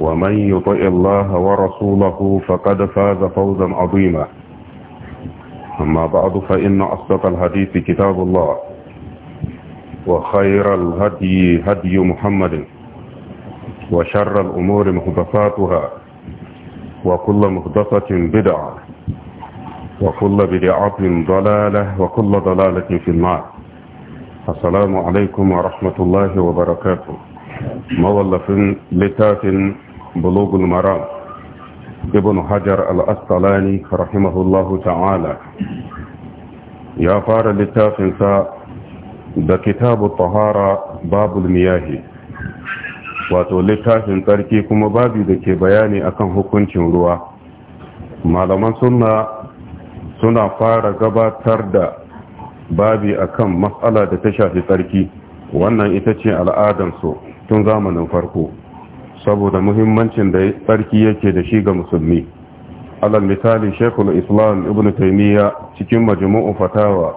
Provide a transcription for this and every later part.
ومن يطع الله ورسوله فقد فاز فوزا عظيما أما بعد فإن أصدق الحديث كتاب الله وخير الهدي هدي محمد وشر الأمور مهدفاتها وكل مهدفة بدعة وكل بدعة ضلالة وكل ضلالة في النار السلام عليكم ورحمة الله وبركاته مولف لتاف بلوغ المرام ابن Hajar, الأسطلاني رحمه الله تعالى ya fara littafinsa da كتاب الطهارة باب المياه wato littafin tsarki kuma babu da ke bayani akan hukuncin ruwa malaman suna suna fara gabatar da babi akan matsala da ta shafi tsarki wannan ita ce al'adansu tun zamanin farko saboda muhimmancin da tsarki yake da shi ga musulmi alal misali shekul islam ibn taimiyya cikin majmu'u fatawa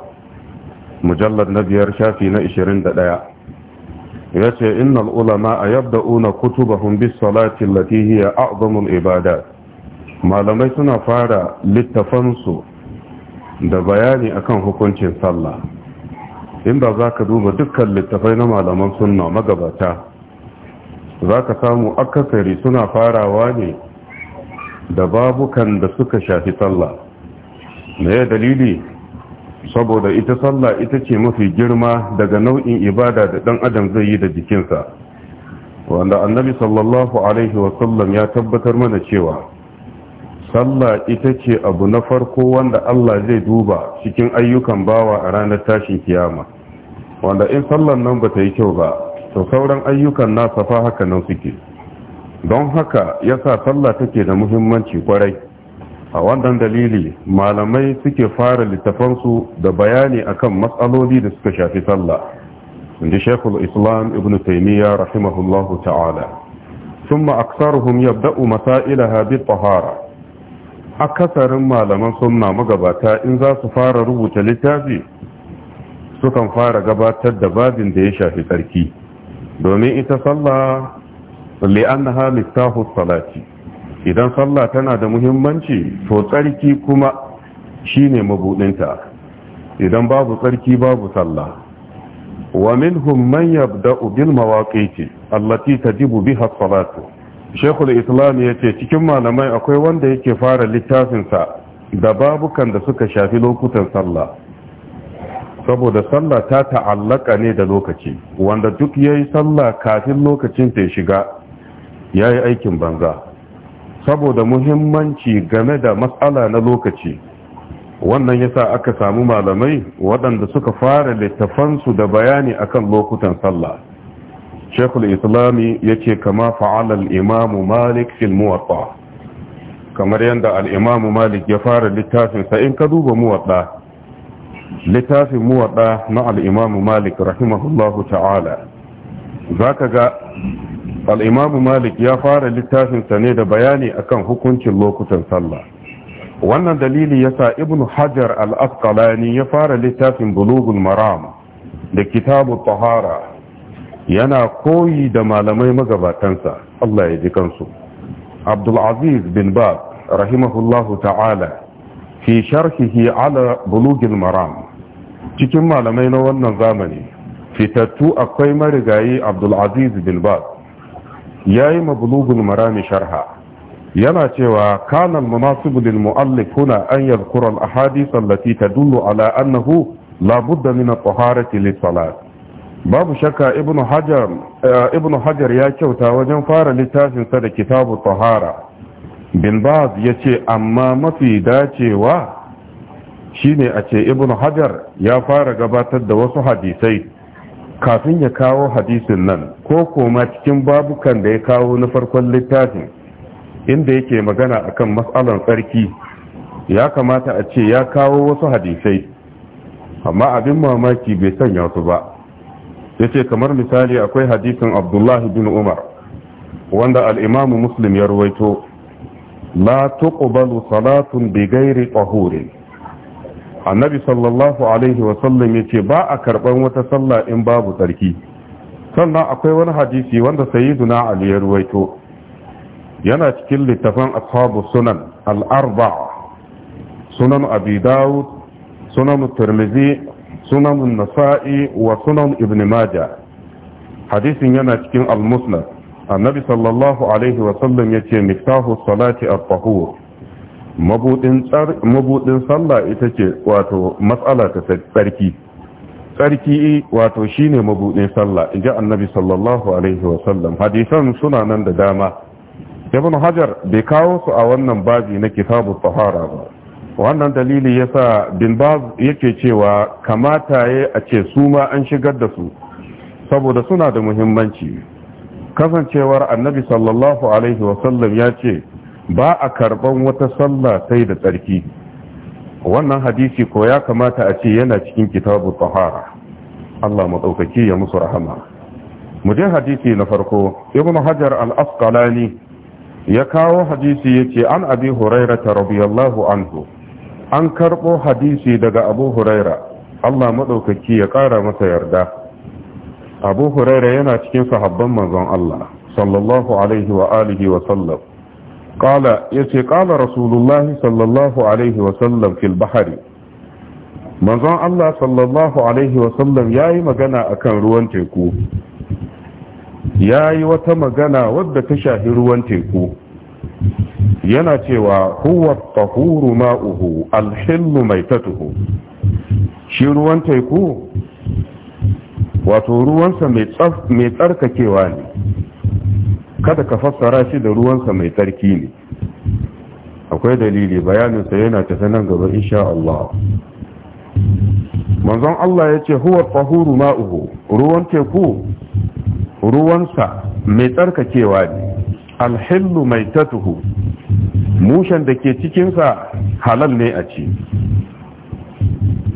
mujallar na biyar shafi na 21 ya ce inna ulama a yabda'una kutubahum bis salati allati hiya a'zamul ibada. malamai suna fara littafansu da bayani akan hukuncin sallah inda za ka duba dukkan littafai na malaman sunna magabata za ka samu akasari suna farawa ne da babukan da suka shafi sallah na ya dalili saboda ita sallah ita ce mafi girma daga nau'in ibada da ɗan adam zai yi da jikinsa wanda annabi sallallahu alaihi wasallam ya tabbatar mana cewa sallah ita ce abu na farko wanda Allah zai duba cikin ayyukan bawa a ranar tashin kiyama wanda in sallan nan ba ta yi kyau ba to sauran ayyukan nasa fa haka nan suke don haka yasa sallah take da muhimmanci kwarai a wannan dalili malamai suke fara littafansu da bayani akan matsaloli da suka shafi sallah inda shekul islam ibn taimiyya rahimahullahu ta'ala ثم أكثرهم يبدأ مسائلها بالطهارة أكثر ما لمن سنة مقباتا إن ذا سفار روت fara سكن فار babin da ديشا في tsarki. domin ita sallah li'annaha miftahu salati idan sallah tana da muhimmanci to tsarki kuma shine mabudinta idan babu tsarki babu sallah wa minhum man yabda'u bil mawaqiti allati tajibu biha salatu shaykhul islam yace cikin malamai akwai wanda yake fara littafin sa da babukan da suka shafi lokutan sallah saboda sallah ta ta'allaka ne da lokaci wanda duk yayi sallah kafin lokacin ta shiga ya yi aikin banza saboda muhimmanci game da matsala na lokaci wannan yasa aka samu malamai waɗanda suka fara littafansu da bayani akan lokutan sallah shekul islami ya ce kama fa'alar imamu malik fil muwatta kamar yadda al'imamu malik ya fara littafinsa in ka duba muwatta littafin muwaɗa na al'imamu malik rahimahullahu ta'ala za ka ga al'imamu malik ya fara littafinsa ne da bayani akan hukuncin lokutan sallah wannan dalili ya sa ibn hajar al'askalani ya fara littafin bulugul maram da kitabu tahara yana koyi da malamai magabatansa Allah ya ji kansu abdulaziz bin bab rahimahullahu ta'ala fi sharhihi ala bulugin maram cikin malamai na wannan zamani fitattu akwai marigayi abdulaziz bin ya yi bulugin marami sharha yana cewa kanan munasibu lil mu'allif huna an yadhkura al ahadith allati tadullu ala annahu la budda min at-taharati lis salat babu shakka ibnu hajar eh, ibnu hajar ya kyauta wajen fara littafin sa da kitabu tahara bin baz ya ce amma mafi dacewa shine a ce ibn hajar ya fara gabatar da wasu hadisai kafin ya kawo hadisin nan ko koma cikin babukan da ya kawo na farkon littafin inda yake magana akan matsalan tsarki ya kamata a ce ya kawo wasu hadisai amma abin mamaki bai sanya su ba ya ce kamar misali akwai hadisin abdullahi bin umar wanda al'imamu muslim ya ruwaito la tuqbalu salatun bi ghairi tahurin annabi sallallahu alaihi wasallam ya ce ba a karban wata sallah in babu tsarki sannan akwai wani hadisi wanda sayyiduna ali ya ruwaito yana cikin littafin ashabu sunan al-arba'a sunan abi dawud sunan tirmidhi sunan nasa'i wa sunan ibn majah hadisin yana cikin al annabi sallallahu alaihi wasallam ya ce miftahu salati at-tahur mabudin sallah ita ce wato matsala ta tsarki tsarki wato shine mabudin sallah inji annabi sallallahu alaihi wasallam hadisan suna nan da dama ibn hajar bai kawo su a wannan babi na kitabu tahara ba wannan dalili yasa bin baz yake cewa kamata ya a ce su ma an shigar da su saboda suna da muhimmanci kasancewar annabi sallallahu alaihi wasallam ya ce ba a karban wata sallah sai da tsarki wannan hadisi ko ya kamata a ce yana cikin kitabu tahara Allah maɗaukaki ya musu rahama mu je hadisi na farko ibn hajar al-asqalani ya kawo hadisi yace an abi hurairata radiyallahu anhu an karbo hadisi daga abu huraira Allah maɗaukaki ya ƙara masa yarda abu huraira yana cikin sahabban manzon Allah sallallahu alaihi wa alihi wa sallam Ya ce qala rasulullahi sallallahu alaihi wa sallam fil bahari manzon Allah sallallahu alaihi wa sallam ya yi magana a kan ruwan teku Ya yi wata magana wadda ta shafi ruwan teku yana cewa huwa tahuru ma'uhu alhillu maitatuhu shi ruwan teku wato ruwansa mai tsarkakewa ne kada ka fassara shi da ruwansa mai tsarki ne akwai dalili bayaninsa yana tafi nan gaba insha Allah manzon Allah ya ce huwa tahuru ma'uhu ruwan teku ruwansa mai tsarkakewa ne alhillu mai tatuhu mushen da ke cikinsa halal ne a ci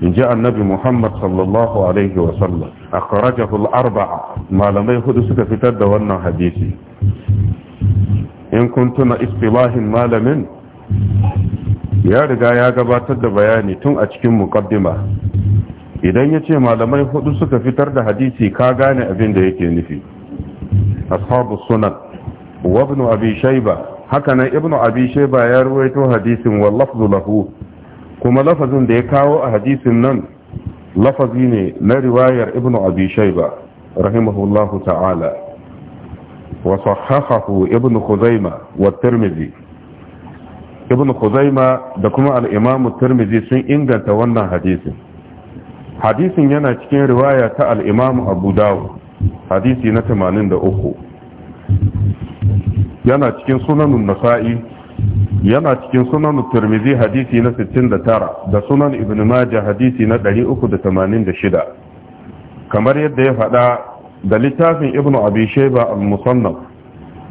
in ji annabi muhammad sallallahu alaihi wasallam akhrajahu al-arba'a malamai hudu suka fitar da wannan hadisi in kun tuna istilahin malamin ya riga ya gabatar da bayani tun a cikin muqaddima idan yace malamai hudu suka fitar da hadisi ka gane abin da yake nufi ashabu sunan wa ibn abi shayba haka nan ibn abi shaiba ya ruwaito hadisin wal lahu kuma lafazin da ya kawo a hadisin nan lafazi ne na riwayar ibnu abi shayba rahimahullahu ta'ala wa sahahahu ibnu khuzaima wa tirmidhi ibnu khuzaima da kuma al-imam tirmidhi sun inganta wannan hadisin hadisin yana cikin riwaya ta al-imam abu dawud hadisi na 83 yana cikin sunanun nasa'i yana cikin sunan turmizi hadisi na 69 da sunan ibn majah hadisi na 386 kamar yadda ya faɗa da littafin ibn abi shayba al-musannaf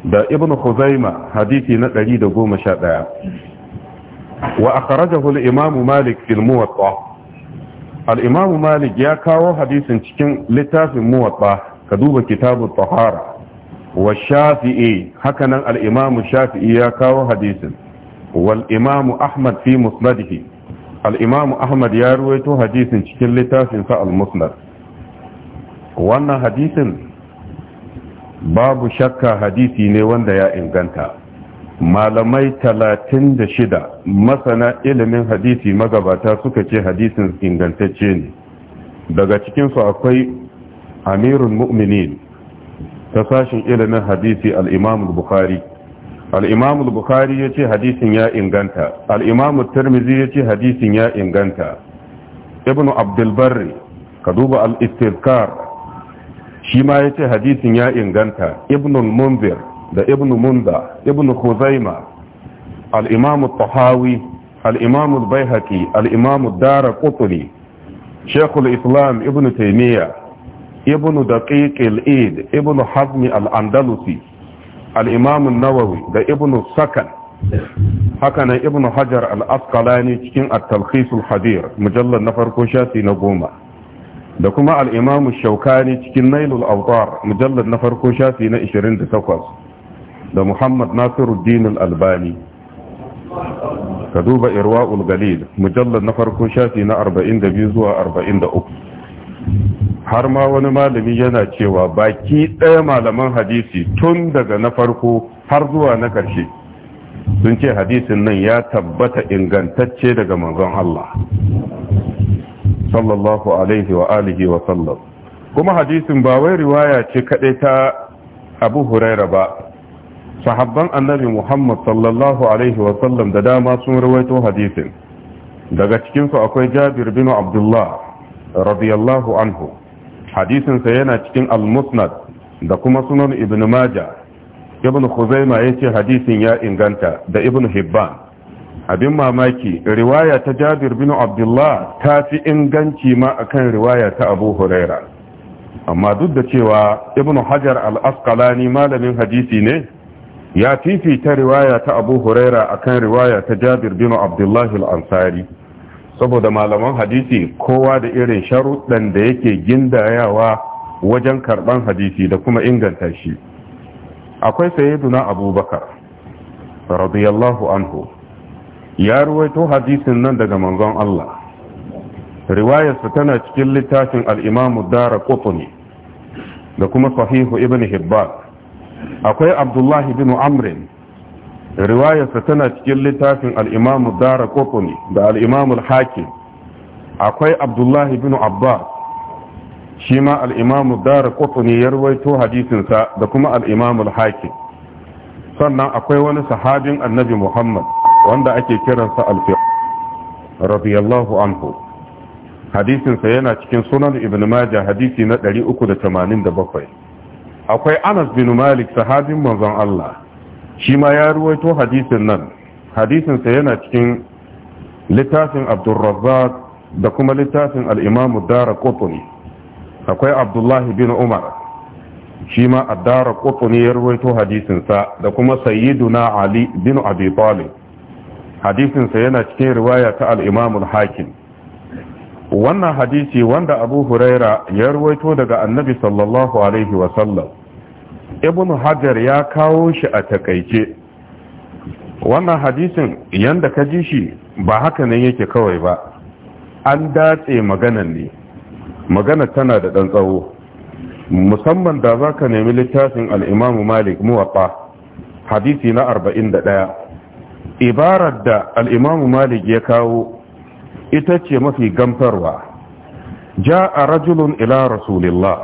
da ibn khuzaima hadisi na 111 wa akhrajahu al-imam malik Fil muwatta al-imam malik ya kawo hadisin cikin littafin muwatta ka duba kitabut tahara wa shafi'i hakanan al-imam shafi'i ya kawo hadisin wal imamu ahmad fi musnadihi al imamu ahmad ya ruwaito hadisin cikin littafin sa al wannan hadisin babu shakka hadisi ne wanda ya inganta malamai talatin da shida masana ilimin hadisi magabata suka ce hadisin ingantacce ne daga cikinsu akwai amirul mu'minin ta sashin ilimin hadisi al'imamul bukhari al-imam al-bukhari yace hadisin ya inganta al-imam at-tirmidhi yace hadisin ya inganta ibn abdul barri ka duba al-istizkar shi ma yace hadisin ya inganta ibn al da ibn munda ibn khuzaima al-imam at-tahawi al-imam al-baihaqi al-imam ad-darqutni shaykh islam ibn taymiyyah ibn daqiq al-eid ibn hazm al-andalusi al'imamun nawawi da ibn sakan hakanan ibn hajar al'askalani cikin at-talkhisul hadir mujallar na farko shafi na goma da kuma al'imamu shaukani cikin nailul autar mujallar na farko shafi na 28 da muhammad nasiruddin al'albani ka duba irwa'ul galil mujallar na farko shafi na 42 zuwa 43 har ma wani malami yana cewa baki ɗaya malaman hadisi tun daga na farko har zuwa na ƙarshe sun ce hadisin nan ya tabbata ingantacce daga manzon Allah sallallahu alaihi wa alihi wa sallam kuma hadisin ba wai riwaya ce kaɗai ta abu huraira ba sahabban annabi muhammad sallallahu alaihi wa sallam da dama sun rawaito hadisin daga cikinsu akwai jabir bin abdullah radiyallahu anhu hadisinsa yana cikin al-musnad da kuma sunan ibn majah ibn khuzaima yace hadisin ya inganta da ibn hibban abin mamaki riwaya ta jabir bin abdullah ta fi inganci ma akan riwaya ta abu huraira amma duk da cewa ibn hajar al-asqalani malamin hadisi ne ya fifita riwaya ta abu huraira akan riwaya ta jabir bin abdullah al-ansari saboda malaman hadisi kowa da irin sharuɗan da yake gindayawa wajen karɓan hadisi da kuma inganta shi akwai sayyiduna abubakar radiyallahu anhu ya ruwaito hadisin nan daga manzon Allah riwayarsa tana cikin littafin al'imamu dara ƙutuni da kuma sahihu ibn hibban akwai abdullahi bin amrin riwayarsa tana cikin littafin al'imamu dara kokoni da al'imamu hakim akwai abdullahi bin abbas shi ma al'imamu dara kokoni ya ruwaito hadisinsa da kuma al'imamu hakim sannan akwai wani sahabin annabi muhammad wanda ake kiransa alfiya radiyallahu anhu hadisinsa yana cikin sunan ibn maja hadisi na 387 akwai anas bin malik sahabin manzon allah shi ma ya ruwaito hadisin nan hadisinsa yana cikin littafin abdulrazzaq da kuma littafin al'imamu dara kotuni akwai abdullahi bin umar shi ma a dara kotuni ya ruwaito hadisinsa da kuma sayyiduna ali bin abi talib hadisinsa yana cikin riwaya ta al'imamun hakim wannan hadisi wanda abu huraira ya ruwaito daga annabi sallallahu alaihi wasallam ibn hajar ya kawo shi a takaice wannan hadisin yanda ka ji shi ba haka nan yake kawai ba an datse maganan ne magana tana da ɗan tsawo musamman da za ka nemi littafin al'imamu malik muwaɓa hadisi na 41 ibarar da al'imamu malik ya kawo ita ce mafi gamfarwa ja a rajulun ila rasulillah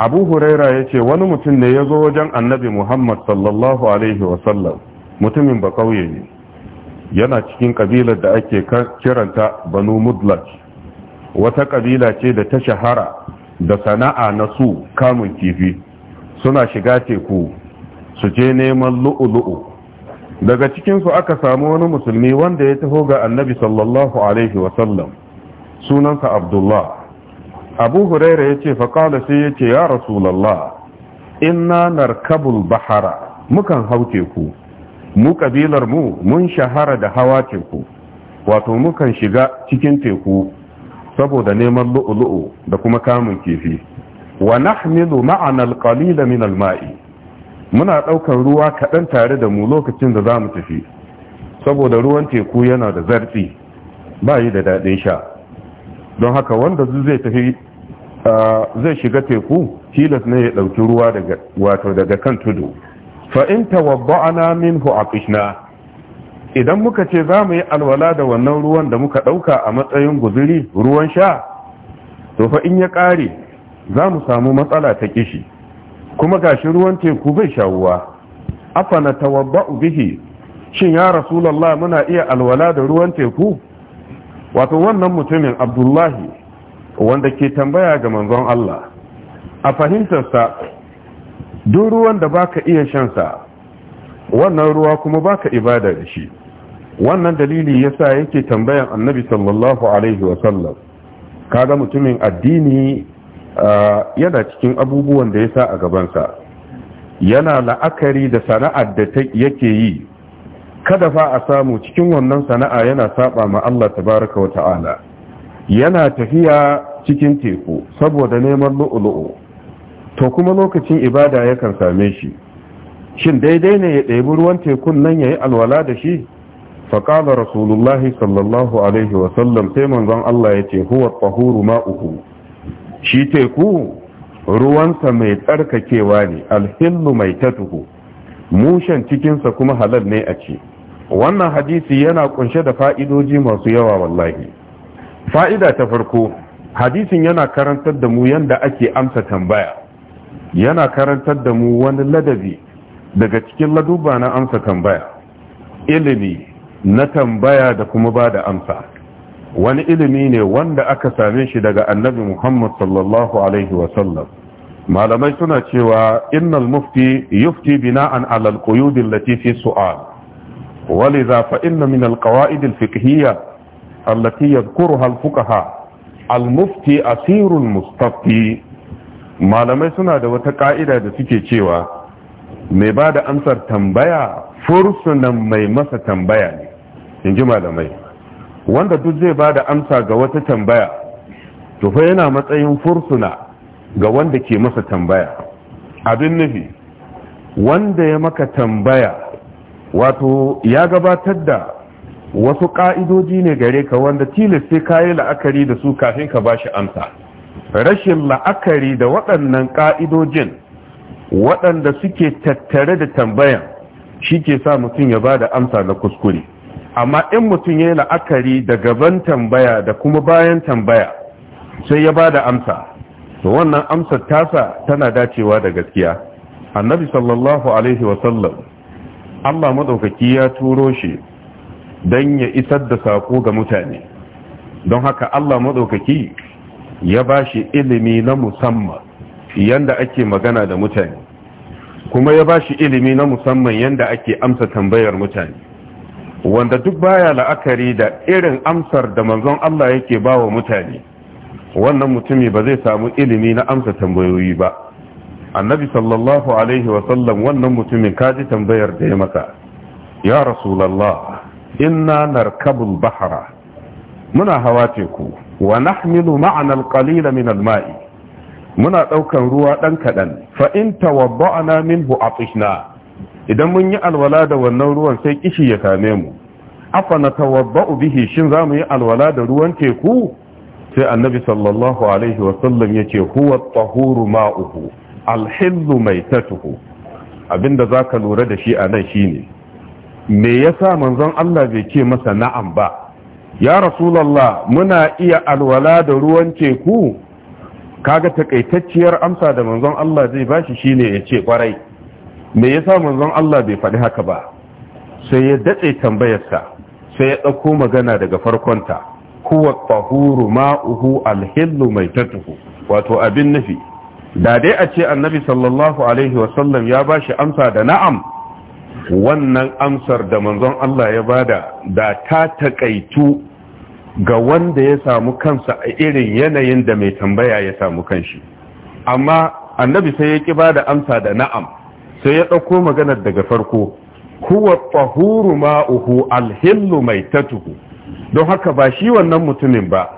abu huraira ya ce wani mutum ne ya zo wajen annabi muhammad sallallahu alaihi wasallam mutumin ba kauye ne yana cikin kabilar da ake kiranta banu mudlaj wata kabila ce da ta shahara da sana'a na su kamun kifi suna shiga teku su je neman lu'ulu'u daga cikinsu aka samu wani musulmi wanda ya taho ga annabi sallallahu alaihi wasallam sunansa abdullah abu huraira ya ce faƙala sai ya ce ya rasulallah inna narkabul bahara mukan hau teku mu ƙabilar mu mun shahara da hawa teku wato mukan shiga cikin teku saboda neman lu'ulu'u da kuma kamun kifi wa nahmilu ma'ana alqalila min alma'i muna ɗaukar ruwa kaɗan tare da mu lokacin da za mu tafi saboda ruwan teku yana da zartsi ba yi da daɗin sha don haka wanda zai tafi zai shiga teku tilas ne ya ɗauki ruwa daga wato daga kan tudu fa in tawabba'ana minhu aqishna idan muka ce za mu yi alwala da wannan ruwan da muka ɗauka a matsayin guzuri ruwan sha to fa in ya ƙare za mu samu matsala ta kishi kuma gashi ruwan teku bai shawuwa afana tawabba'u bihi shin ya rasulullah muna iya alwala da ruwan teku wato wannan mutumin abdullahi wanda ke tambaya ga manzon Allah a fahimtarsa duk ruwan da baka iya shansa wannan ruwa kuma baka ibada da shi wannan dalili yasa yake tambayan annabi sallallahu alaihi wasallam kaga mutumin addini yana cikin abubuwan da ya sa a gabansa yana la'akari da sana'ar da yake yi kada fa a samu cikin wannan sana'a yana saba ma Allah tabaraka wa ta'ala yana tafiya cikin teku saboda neman lu'ulu'u to kuma lokacin ibada yakan same shi shin daidai ne ya ɗebi ruwan tekun nan ya yi alwala da shi faƙala rasulullah sallallahu alaihi wasallam sai manzon Allah ya ce huwa tahuru ma'uhu shi teku ruwansa mai tsarkakewa ne alhillu mai tatuhu mushen cikinsa kuma halal ne a ce wannan hadisi yana kunshe da fa'idoji masu yawa wallahi fa'ida ta farko hadisin yana karantar da mu yanda ake amsa tambaya yana karantar da mu wani ladabi daga cikin laduba na amsa tambaya ilimi na tambaya da kuma ba da amsa wani ilimi ne wanda aka same shi daga annabi muhammad sallallahu alaihi wasallam malamai suna cewa innal mufti yufti bina'an ala alquyud allati fi su'al ولذا فإن من القواعد الفقهية التي يذكرها الفقهاء المفتي أسير المستفتي ما لم سنة دوتا قائدة دسكي چيوا مبادة أنصر تنبيا فرسنا ميمسة تنبيا inji malamai wanda duk zai ba da amsa ga wata tambaya to fa yana matsayin fursuna ga wanda ke masa tambaya abin nufi wanda ya maka tambaya wato ya gabatar da wasu ka'idoji ne gare ka wanda tilis sai ka yi la'akari da su kafin ka ba shi amsa rashin la'akari da waɗannan ka'idojin, waɗanda suke tattare da tambayan shi ke sa mutum ya ba da amsa na kuskure amma in mutum ya yi la'akari da gaban tambaya da kuma bayan tambaya sai ya ba da amsa wannan amsar tasa tana dacewa da gaskiya annabi sallallahu alaihi wasallam Allah madaukaki ya turo shi don ya isar da sako ga mutane don haka Allah madaukaki ya ba shi ilimi na musamman yanda ake magana da mutane kuma ya ba shi ilimi na musamman yanda ake amsa tambayar mutane wanda duk baya la'akari da irin amsar da manzon Allah yake ba wa mutane wannan mutumi ba zai samu ilimi na amsa tambayoyi ba annabi sallallahu alaihi wasallam wannan mutumin kaji tambayar da ya maka ya rasulallah inna narkabul bahara muna hawa teku wa nahmilu ma'ana alqalila min alma'i muna daukan ruwa dan kadan fa in tawadda'na minhu atishna idan mun yi alwala da wannan ruwan sai kishi ya same mu afa natawadda'u bihi shin mu yi alwala da ruwan teku sai annabi sallallahu alaihi wasallam ya ce huwa tahuru ma'uhu alhillu mai tatuhu abinda za ka lura da shi a nan shi ne me ya sa manzon Allah bai ce masa na'am ba ya rasulallah muna iya alwala da ruwan teku kaga takaitacciyar amsa da manzon Allah zai bashi shine ya ce kwarai me yasa manzon Allah bai faɗi haka ba sai ya datse tambayarsa sai ya ɗauko magana daga farkonta huwa tahuru ma'uhu alhillu maitatuhu wato abin nufi da dai a ce annabi sallallahu alaihi wasallam ya ba shi amsa da na'am wannan amsar da manzon Allah ya bada da ta takaitu ga wanda ya samu kansa a irin yanayin da mai tambaya ya samu kanshi amma annabi sai ya ki bada amsa da na'am sai ya ɗauko maganar daga farko huwa tahuru ma'uhu alhillu mai maitatuhu don haka ba shi wannan mutumin ba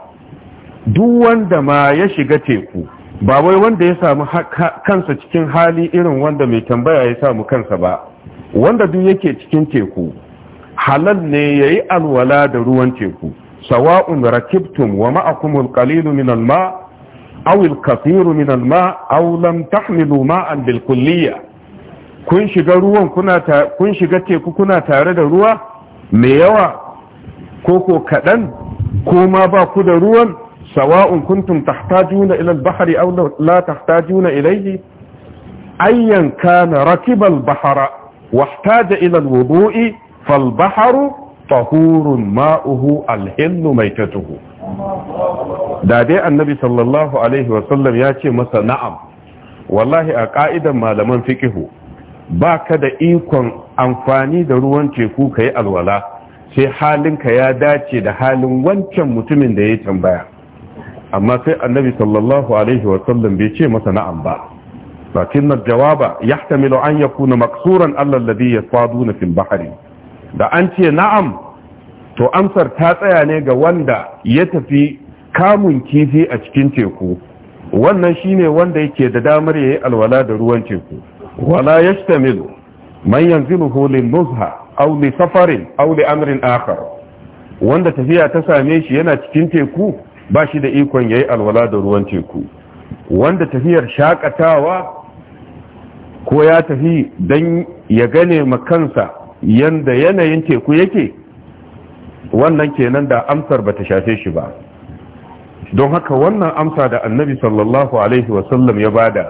duk wanda ma ya shiga teku ba wai wanda ya samu kansa cikin hali irin wanda mai tambaya ya samu kansa ba wanda duk yake cikin teku halal ne ya yi alwala da ruwan teku sawa'un rakibtum wa ma'akumul qalilu min al-ma aw al-kathir ma aw lam tahmilu ma'an bil kun shiga kun shiga teku kuna tare da ruwa mai yawa ko ko kaɗan ko ma ba ku da ruwan sawa'un kuntum tahtajuna ila al-bahri aw la tahtajuna ilayhi ayyan kana rakiba al-bahra wahtaja ila al-wudu'i fal-bahru tahurun ma'uhu al-hillu maitatuhu da dai annabi sallallahu alaihi wa sallam ya ce masa na'am wallahi a ka'idan malaman fiqihu baka da ikon amfani da ruwan teku kai alwala sai halinka ya dace da halin wancan mutumin da ya tambaya amma sai annabi sallallahu alaihi wasallam bai ce masa na'am ba lakin jawaba yahtamilu an ya kuna maksuran ya ladhi na fil bahari da an ce na'am to amsar ta tsaya ne ga wanda ya tafi kamun kifi a cikin teku wannan shine wanda yake da damar yayi alwala da ruwan teku wala yashtamilu man yanziluhu lin nuzha aw safarin auli amrin akhar wanda tafiya ta same shi yana cikin teku ba shi da ikon yayi alwala da ruwan teku wanda tafiyar shakatawa ko ya tafi dan ya gane makansa yanda yanayin teku yake wannan kenan da amsar bata shafe shi ba don haka wannan amsa da annabi sallallahu alaihi wasallam ya bada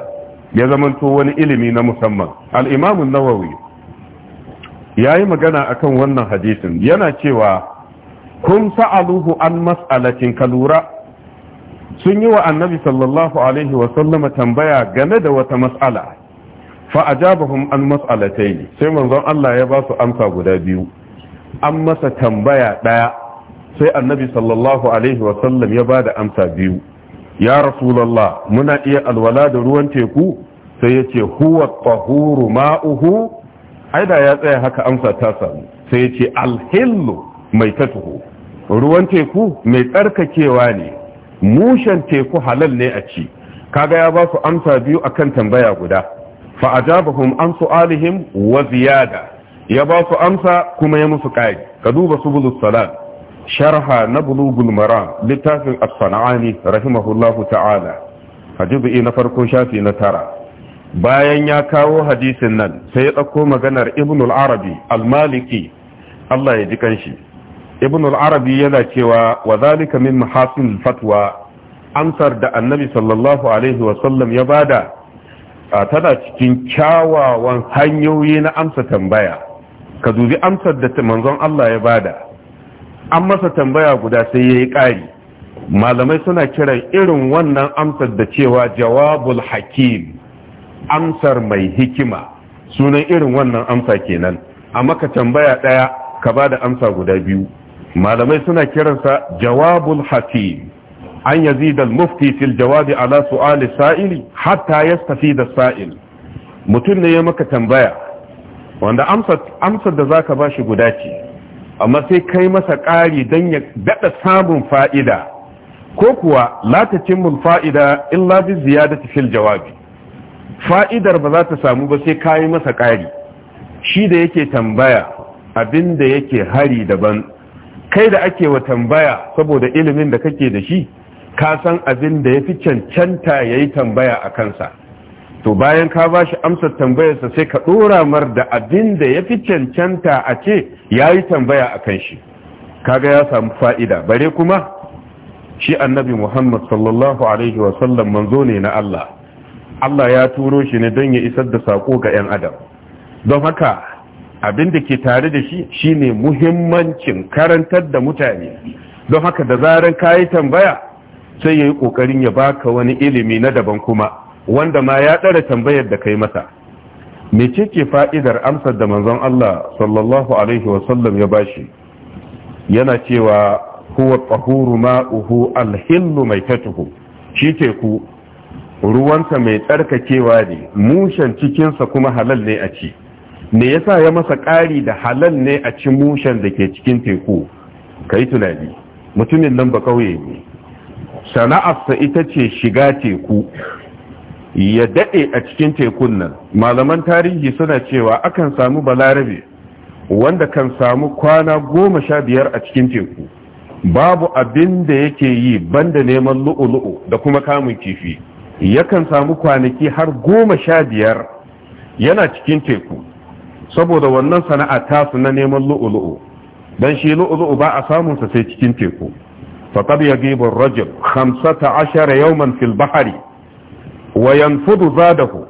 ya zamanto wani ilimi na musamman al'imamin imamun nawawi Ya yi magana akan wannan hadisin yana cewa kun sa'aluhu an mas'alatin kalura sun yi wa annabi sallallahu alaihi wa sallama tambaya game da wata mas'ala fa'ajabahum an mas'alatayn sai manzon Allah ya ba su amsa guda biyu an masa tambaya ɗaya sai annabi sallallahu alaihi wa sallam ya ba da amsa biyu ya rasulullah muna iya alwala da ruwan teku sai ya ce huwa tahuru ma'uhu aida ya tsaya haka amsa ta samu sai ya ce alhillu mai tatuhu ruwan teku mai tsarkakewa ne mushen teku halal ne a ci kaga ya ba su amsa biyu akan tambaya guda fa ajabahum an su'alihim wa ziyada ya ba su amsa kuma ya musu kai ka duba subulus salat sharha na bulugul maram littafin as-sana'ani rahimahullahu ta'ala a na farko shafi na tara bayan ya kawo hadisin nan sai ya ɗauko maganar ibn al-arabi al-maliki Allah ya ji kanshi ibn al-arabi yana cewa wa zalika min mahasin fatwa amsar da annabi sallallahu alaihi wa sallam ya bada tana cikin kyawawan hanyoyi na amsa tambaya ka dubi amsar da manzon Allah ya bada an masa tambaya guda sai yayi ƙari malamai suna kiran irin wannan amsar da cewa jawabul hakim amsar mai hikima sunan irin wannan amsa kenan a maka tambaya ɗaya ka ba da amsa guda biyu malamai suna kiransa jawabul hakim an yazi al-mufti fil jawabi ala su'ali sa'ili hatta da sa'il mutum ne ya maka tambaya wanda amsar da zaka shi guda ce amma sai kai masa ƙari don ya daɗa samun fa'ida ko kuwa latacin mun fa'ida illa bi ziyadati fil jawabi fa'idar ba za ta samu ba sai kayi masa ƙari shi da yake tambaya abin da yake hari daban kai da ake wa tambaya saboda ilimin da kake da shi ka san abin da ya fi cancanta ya yi tambaya a kansa to bayan ka ba shi amsar tambayarsa sai ka ɗora mar da abin da ya fi cancanta a ce ya yi tambaya a kan shi kaga ya samu fa'ida bare kuma shi annabi muhammad sallallahu alaihi wasallam manzo ne na Allah Allah ya turo shi ne don ya isar da saƙo ga 'yan adam don haka abin da ke tare da shi shine muhimmancin karantar da mutane don haka da zarar ka yi tambaya sai ya yi ƙoƙarin ya baka wani ilimi na daban kuma wanda ma ya ɗara tambayar da kai masa mece ke fa'idar amsar da manzon Allah sallallahu alaihi wasallam ya bashi yana cewa huwa tsahuru ma'uhu alhillu mai tatuhu shi teku ruwansa mai tsarkakewa ne mushen cikinsa kuma halal ne a ci me yasa ya masa ƙari da halal ne a ci mushen da ke cikin teku ka yi tunani mutumin nan ba kauye ne sana'arsa ita ce shiga teku ya daɗe a cikin tekun nan malaman tarihi suna cewa akan samu balarabe wanda kan samu kwana goma sha biyar a cikin teku babu abin da yake yi banda neman lu'u-lu'u da kuma kamun kifi yakan samu kwanaki har goma sha biyar yana cikin teku saboda wannan sana'a tasu na neman lu'ulu'u dan shi lu'ulu'u ba a samunsa sai cikin teku faqad yagibu ar-rajul 15 yawman fil bahri wa yanfudu zadahu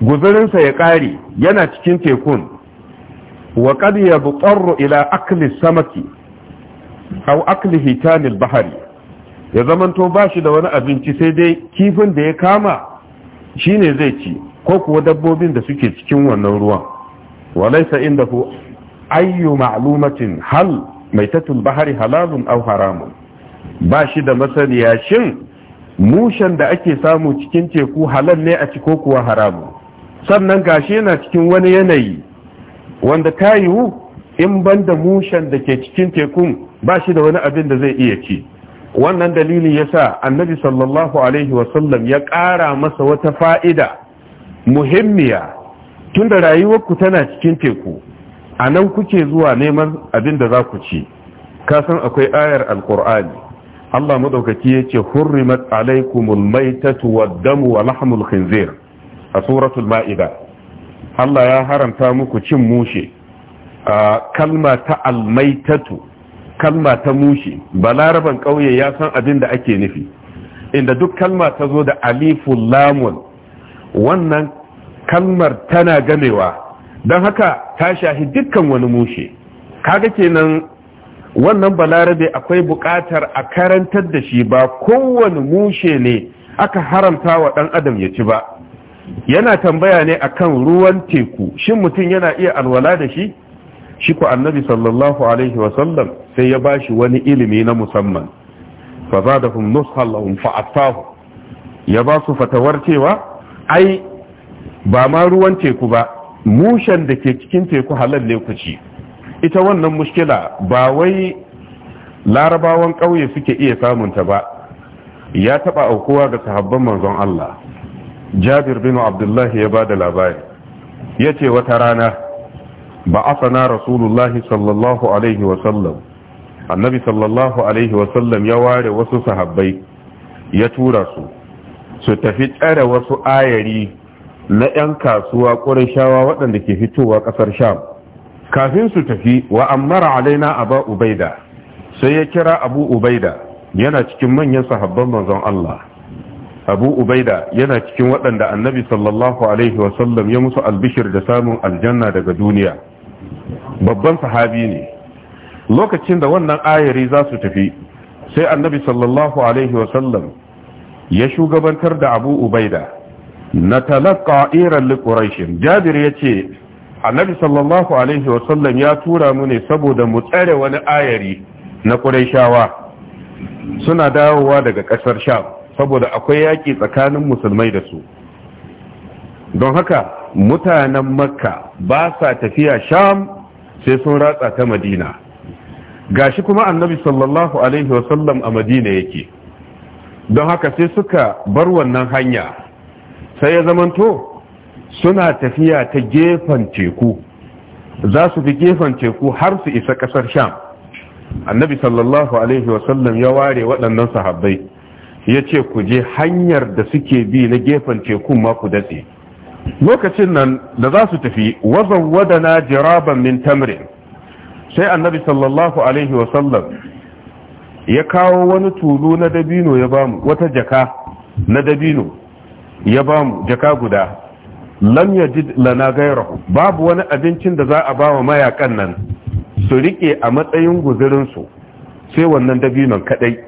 guzurinsa ya ƙare yana cikin tekun wa qad yabtaru ila akli samaki aw akli hitanil bahri ya zamanto ba shi da wani abinci sai dai kifin da ya kama shi ne zai ci ko kuwa dabbobin da suke cikin wannan ruwan walaisa inda ku ayyu ma'lumatin hal mai tattun bahari halalun au haramun ba shi da masaniya shin mushen da ake samu cikin teku halal ne a ciko kuwa haramun, sannan gashi yana cikin wani yanayi wanda ta yiwu in banda mushen da ke cikin tekun ba shi da wani abin da zai iya ci wannan dalilin ya sa annabi sallallahu alaihi wasallam ya ƙara masa wata fa'ida muhimmiya tun da rayuwarku tana cikin teku a nan kuke zuwa neman abin da za ku ci kasan akwai ayar alƙur'ani Allah maɗaukaki ya ce hurrimat alaikumul maitatu waddamu wa lahmul khinzir a suratul ma'ida Allah ya haramta muku cin mushe a kalma ta almaitatu kalma ta mushi laraban ƙauye ya san abin da ake nufi inda duk kalma ta zo da aliful lamun wannan kalmar tana gamewa don haka ta shahi dukkan wani mushe kaga kenan wannan balarabe akwai buƙatar a karantar da shi ba kowane mushe ne aka haramta wa ɗan adam ya ci ba yana tambaya ne akan ruwan teku shin mutum yana iya alwala da shi shi ku annabi sallallahu alaihi wasallam sai ya bashi wani ilimi na musamman fa zadahum da lahum fa atahu ya ba su fatawar cewa ai ba ma ruwan teku ba mushen da ke cikin teku halal ne ku ci ita wannan mushkila ba wai larabawan ƙauye suke iya samunta ba ya taɓa aukuwa ga sahabban manzon Allah jabir bin abdullahi ya ba da labari ya ce wata rana ba'athana rasulullahi sallallahu alaihi wa sallam annabi sallallahu alaihi wa sallam ya ware wasu sahabbai ya tura su su tafi tsare wasu ayari na 'yan kasuwa shawa waɗanda ke fitowa ƙasar sham kafin su tafi wa ammara alaina aba ubaida sai ya kira abu ubaida yana cikin manyan sahabban manzon Allah abu ubaida yana cikin waɗanda annabi sallallahu alaihi wasallam ya musu albishir da samun aljanna daga duniya babban sahabi ne lokacin da wannan ayari za su tafi sai annabi sallallahu alaihi wasallam ya shugabantar da abu ubaida na talaka iran likurashin jabir ya ce annabi sallallahu alaihi wasallam ya tura mu ne saboda mu tsare wani ayari na ƙuraishawa suna dawowa daga ƙasar sham saboda akwai yaƙi tsakanin musulmai da su don haka mutanen makka ba sa tafiya sham sai sun ratsa ta madina gashi kuma annabi sallallahu alaihi wasallam a madina yake don haka sai suka bar wannan hanya sai ya zamanto suna tafiya ta gefen teku za su fi gefen teku har su isa kasar sham annabi sallallahu alaihi wasallam ya ware waɗannan sahabbai ya ce ku je hanyar da suke bi na gefen tekun ma ku datse lokacin nan da za su tafi wazan wadana jiraban min tamrin sai annabi sallallahu alaihi wasallam ya kawo wani tulu na dabino ya bamu wata jaka na dabino ya bamu jaka guda lam yajid lana gairahu babu wani abincin da za a bawa mayakan nan su rike a matsayin guzurinsu sai wannan dabinon kadai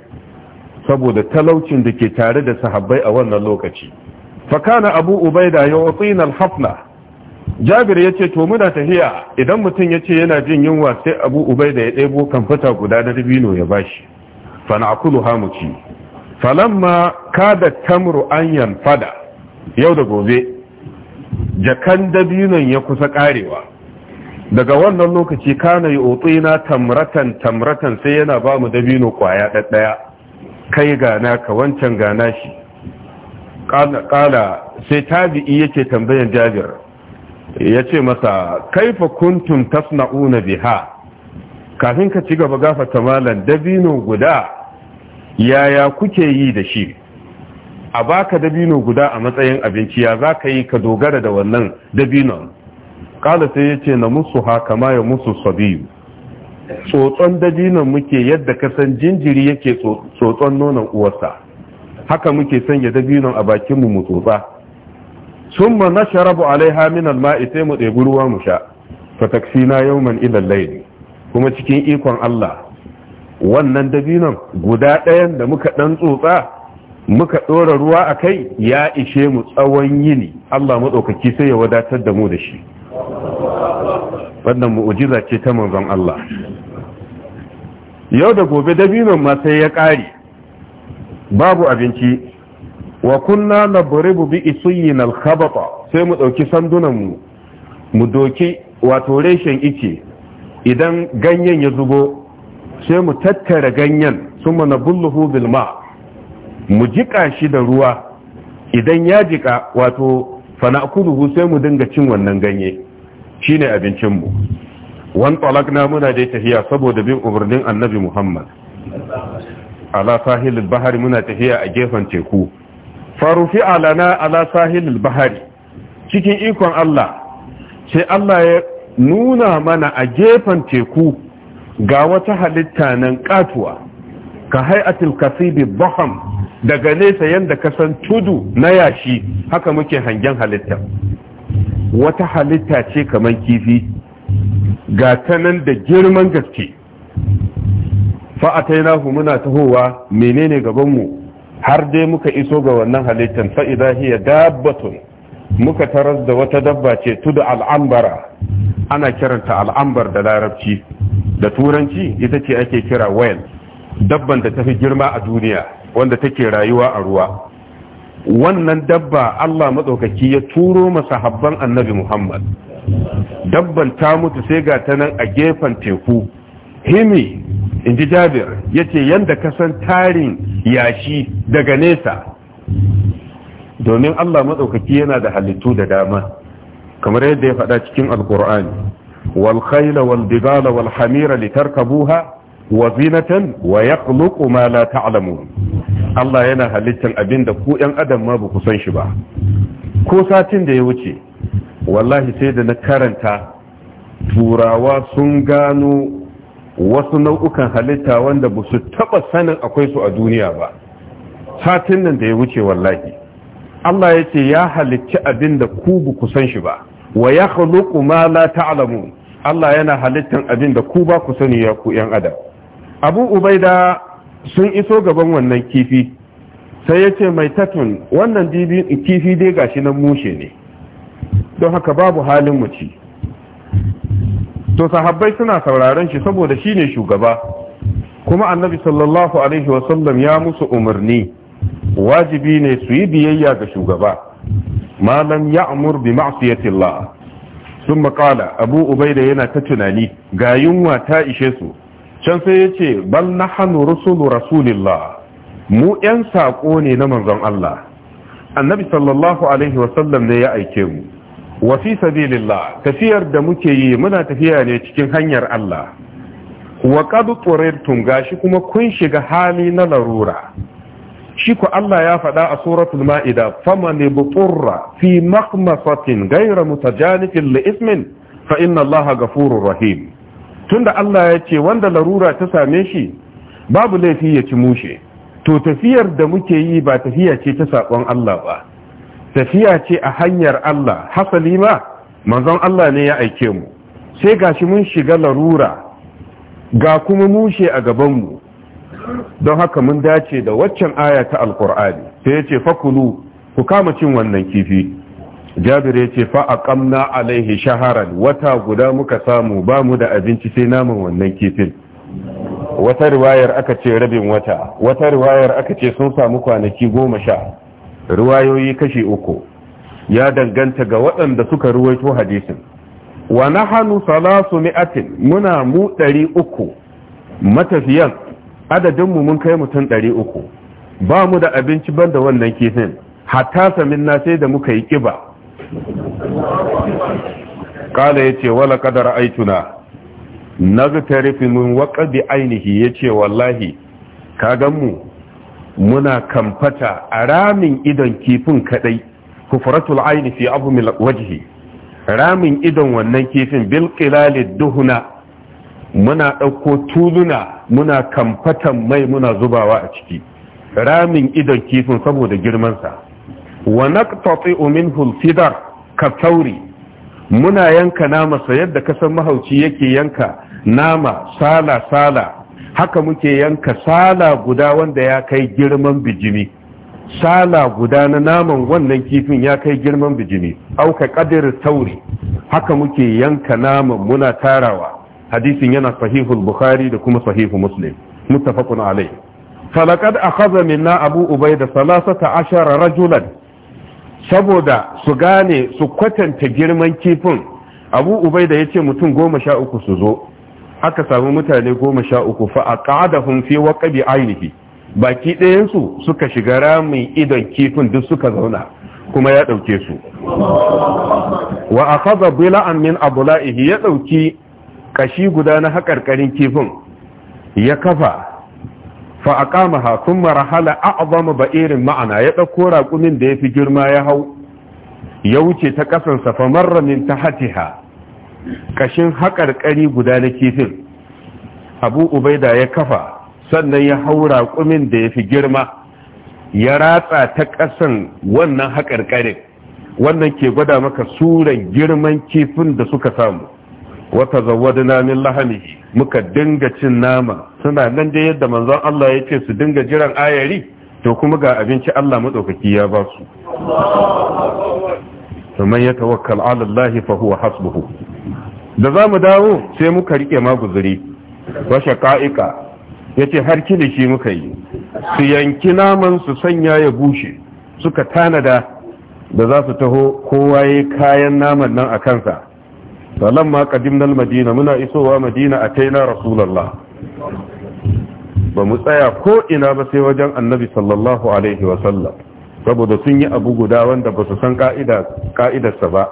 saboda talaucin da ke tare da sahabbai a wannan lokaci fakana abu ubaida ya watsina alhafna jabir ya ce to muna tafiya idan mutum ya ce yana jin yunwa sai abu ubaida ya ɗebo kamfuta guda na dabino ya bashi fana akulu hamuci falamma kada tamru an fada yau da gobe jakan dabinon ya kusa karewa daga wannan lokaci kana yi otsina tamratan tamratan sai yana ba mu dabino kwaya ɗaɗɗaya kai gana ka wancan gana shi kala sai tabi'i yake tambayar jabir ya ce masa kaifa kuntum tasna'una biha kafin ka ci gaba gafata malan dabino guda yaya kuke yi da shi a baka dabino guda a matsayin abinci ya za ka yi ka dogara da wannan dabinon kala sai yace na musu haka kama ya musu sabiyu tsotson dabinon muke yadda kasan jinjiri yake tsotson nonon uwarsa haka muke sanya dabinon a bakin mu tsotsa summa nashrabu alaiha min alma'i sai mu ɗebi ruwa mu sha fa taksina yawman ila al kuma cikin ikon Allah wannan dabinon guda ɗayan da muka ɗan tsotsa muka ɗora ruwa a kai ya ishe mu tsawon yini Allah maɗaukaki sai ya wadatar da mu da shi wannan mu'ujiza ce ta manzon Allah yau da gobe dabinon ma sai ya ƙare babu abinci wa kunna naburibu bi isuyin alkhabata sai mu ɗauki sandunanmu mu doki wato reshen ice idan ganyen ya zubo sai mu tattara ganyen summa na bil ma mu jiƙa shi da ruwa idan ya jika wato fana'kuluhu sai mu dinga cin wannan ganye shine abincinmu wan talakna muna dai tafiya saboda bin umarnin annabi Muhammad ala sahilil bahari muna tafiya a gefen teku farufi alana ala sahilil bahari cikin ikon Allah sai Allah ya nuna mana a gefen teku ga wata halitta nan katuwa ka hai'atul kasibi baham daga nesa yanda ka san tudu na yashi haka muke hangen halitta wata halitta ce kamar kifi ga ta nan da girman gaske fa atainahu muna tahowa menene gaban mu har dai muka iso ga wannan halittar fa idza hiya dabbatun muka taras da wata dabba ce tudu al'ambara ana kiranta al'ambar da larabci da turanci ita ce ake kira wayan dabban da tafi girma a duniya wanda take rayuwa a ruwa wannan dabba Allah matsaukaki ya turo masahabban annabi Muhammad dabban ta mutu sai ga ta nan a gefen teku himi in ji jabir ya ce yadda san tarin yashi daga nesa domin allah maɗaukaki yana da halittu da dama kamar yadda ya faɗa cikin alkur'ani wal khayla wal dibala wal hamira tarkabuha wa zinatan wa yaqluqu ma la ta'lamun Allah yana halittar abinda ku ɗan adam ma ba ku san shi ba ko satin da ya wuce wallahi sai da na karanta turawa sun gano wasu nau'ukan halitta wanda ba su taba sanin akwai su a duniya ba satin nan da ya wuce wallahi Allah ya ce ya halicci abin da ku ba ku san shi ba wa ya khuluqu ma la ta'lamu Allah yana halittan abin da ku ba ku sani ya ku yan adam Abu Ubaida sun iso gaban wannan kifi sai ya ce mai tatun wannan kifi dai gashi nan mushe ne don haka babu halin mu ci to sahabbai suna sauraron shi saboda shi ne shugaba kuma annabi sallallahu alaihi wasallam ya musu umarni wajibi ne su yi biyayya ga shugaba malam ya amur bi ma'siyatillah sun maƙala abu ubaida yana ta tunani ga yunwa ta ishe su can sai ya ce bal na hannu rusulu rasulillah mu 'yan saƙo ne na manzon Allah annabi sallallahu alaihi wasallam ne ya aike mu wa fi sabilillah tafiyar da muke yi muna tafiya ne cikin hanyar Allah wa qad turirtum gashi kuma kun shiga hali na larura shi ku Allah ya faɗa a suratul ma'ida faman buturra fi maqmasatin ghayra mutajanifin li ismin fa inna Allah ghafurur rahim tunda Allah ya ce wanda larura ta same shi babu laifi ya ci mushe to tafiyar da muke yi ba tafiya ce ta sakon Allah ba tafiya ce a hanyar Allah hasali ma manzon Allah ne ya aike mu sai gashi mun shiga larura ga kuma mushe a gaban mu. don haka mun dace da waccan aya ta alkur'ani sai ya ce fakulu ku kama cin wannan kifi jabir ya ce fa aqamna alaihi shaharan wata guda muka samu ba mu da abinci sai naman wannan kifin wata riwayar aka ce rabin wata wata riwayar aka ce sun samu kwanaki goma sha Ruwayoyi kashi uku ya danganta ga waɗanda suka ruwaito hadisin wa hannu salasu mi'atin muna mu ɗari uku matafiyan adadinmu mun kai mutum ɗari uku ba mu da abinci ban da wannan kifin hatta samin na sai da muka yi ƙiba kala ya ce wala kadar aituna na mun waƙa da ainihi ya ce wallahi ka gan mu muna kamfata a ramin idon kifin kadai kufratul aini fi abumil wajhi ramin idon wannan kifin bil qilalid duhuna muna dauko tuluna muna kamfatan mai muna zubawa a ciki ramin idon kifin saboda girmansa wa naqtatu minhu al-fidar ka tauri muna yanka nama sa yadda kasan mahauci yake yanka nama sala sala haka muke yanka sala guda wanda ya kai girman bijimi sala guda na naman wannan kifin ya kai girman bijimi auka kadir tauri haka muke yanka naman muna tarawa hadisin yana sahihul bukhari da kuma sahihu muslim muttafaqun alayh falaqad akhadha minna abu ubayda salasata ashara rajulan saboda su gane su kwatanta girman kifin abu ubaida yace mutum goma sha uku su zo aka samu mutane goma sha uku fa a ƙadahun fi waƙabi ainihi baki ɗayansu suka shiga ramin idon kifin duk suka zauna kuma ya ɗauke su wa a kaza bila'an min abula'ihi ya ɗauki ƙashi guda na haƙarƙarin kifin ya kafa fa a kama ha sun marahala a abama ba irin ma'ana ya ɗauko raƙumin da ya fi girma ya hau ya wuce ta ƙasansa fa min ta hatiha kashin haƙarƙari guda na kifin abu ubaida ya kafa sannan ya haura kumin da ya fi girma ya ratsa ta ƙasan wannan haƙarƙarin wannan ke gwada maka suran girman kifin da suka samu wata zawadu namin lahani muka dinga cin nama suna nan da yadda manzon Allah ya ce su dinga jiran ayari to kuma ga abinci Allah maɗaukaki ya ba su man ya tawakkal ala Allah fa huwa hasbuhu da zamu dawo sai muka rike maguzuri wa Ya yace har kilishi muka yi su yanki naman su sanya ya bushe suka tanada da za su taho kowa yayi kayan naman nan a kansa falamma qadimnal madina muna isowa madina a taina rasulullah ba mu tsaya ko ina ba sai wajen annabi sallallahu alaihi wa saboda sun yi abu guda wanda ba su san ka'idarsa ba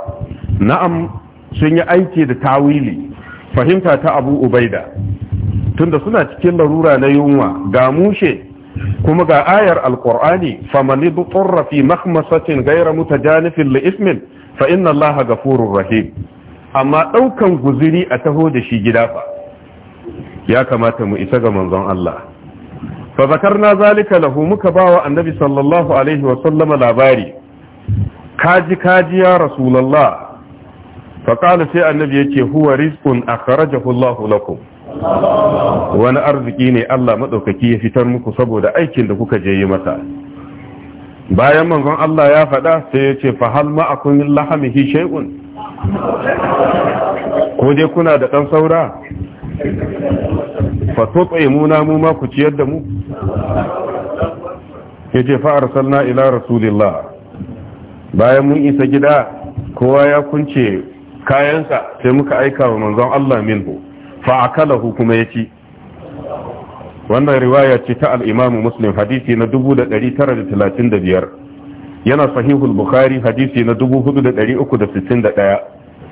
na'am sun yi aiki da tawili fahimta ta abu ubaida tunda suna cikin larura na yunwa ga mushe kuma ga ayar alkur'ani famani turra fi mahmasatin gaira mutajanifin li ismin fa inna allaha gafurur rahim amma ɗaukan guziri a taho da shi gida fa ya kamata mu isa ga manzon Allah fa zakarna zalika lahu muka bawa annabi sallallahu alaihi wa sallama labari kaji kaji ya rasulullah fa qala sai annabi yace huwa rizqun akhrajahu Allah lakum wani arziki ne Allah madaukaki ya fitar muku saboda aikin da kuka je yi masa bayan manzon Allah ya faɗa sai yace ce fa hal ma'akum min lahamihi shay'un ko dai kuna da ɗan saura fa tut'imuna mu ma ku ciyar da mu yace fa arsalna ila rasulillah bayan mun isa gida kowa ya kunce kayansa sai muka aika wa manzon Allah minhu fa akalahu kuma ci. wannan riwaya ce ta al-Imam Muslim hadisi na 1935 yana sahihul Bukhari hadisi na 4361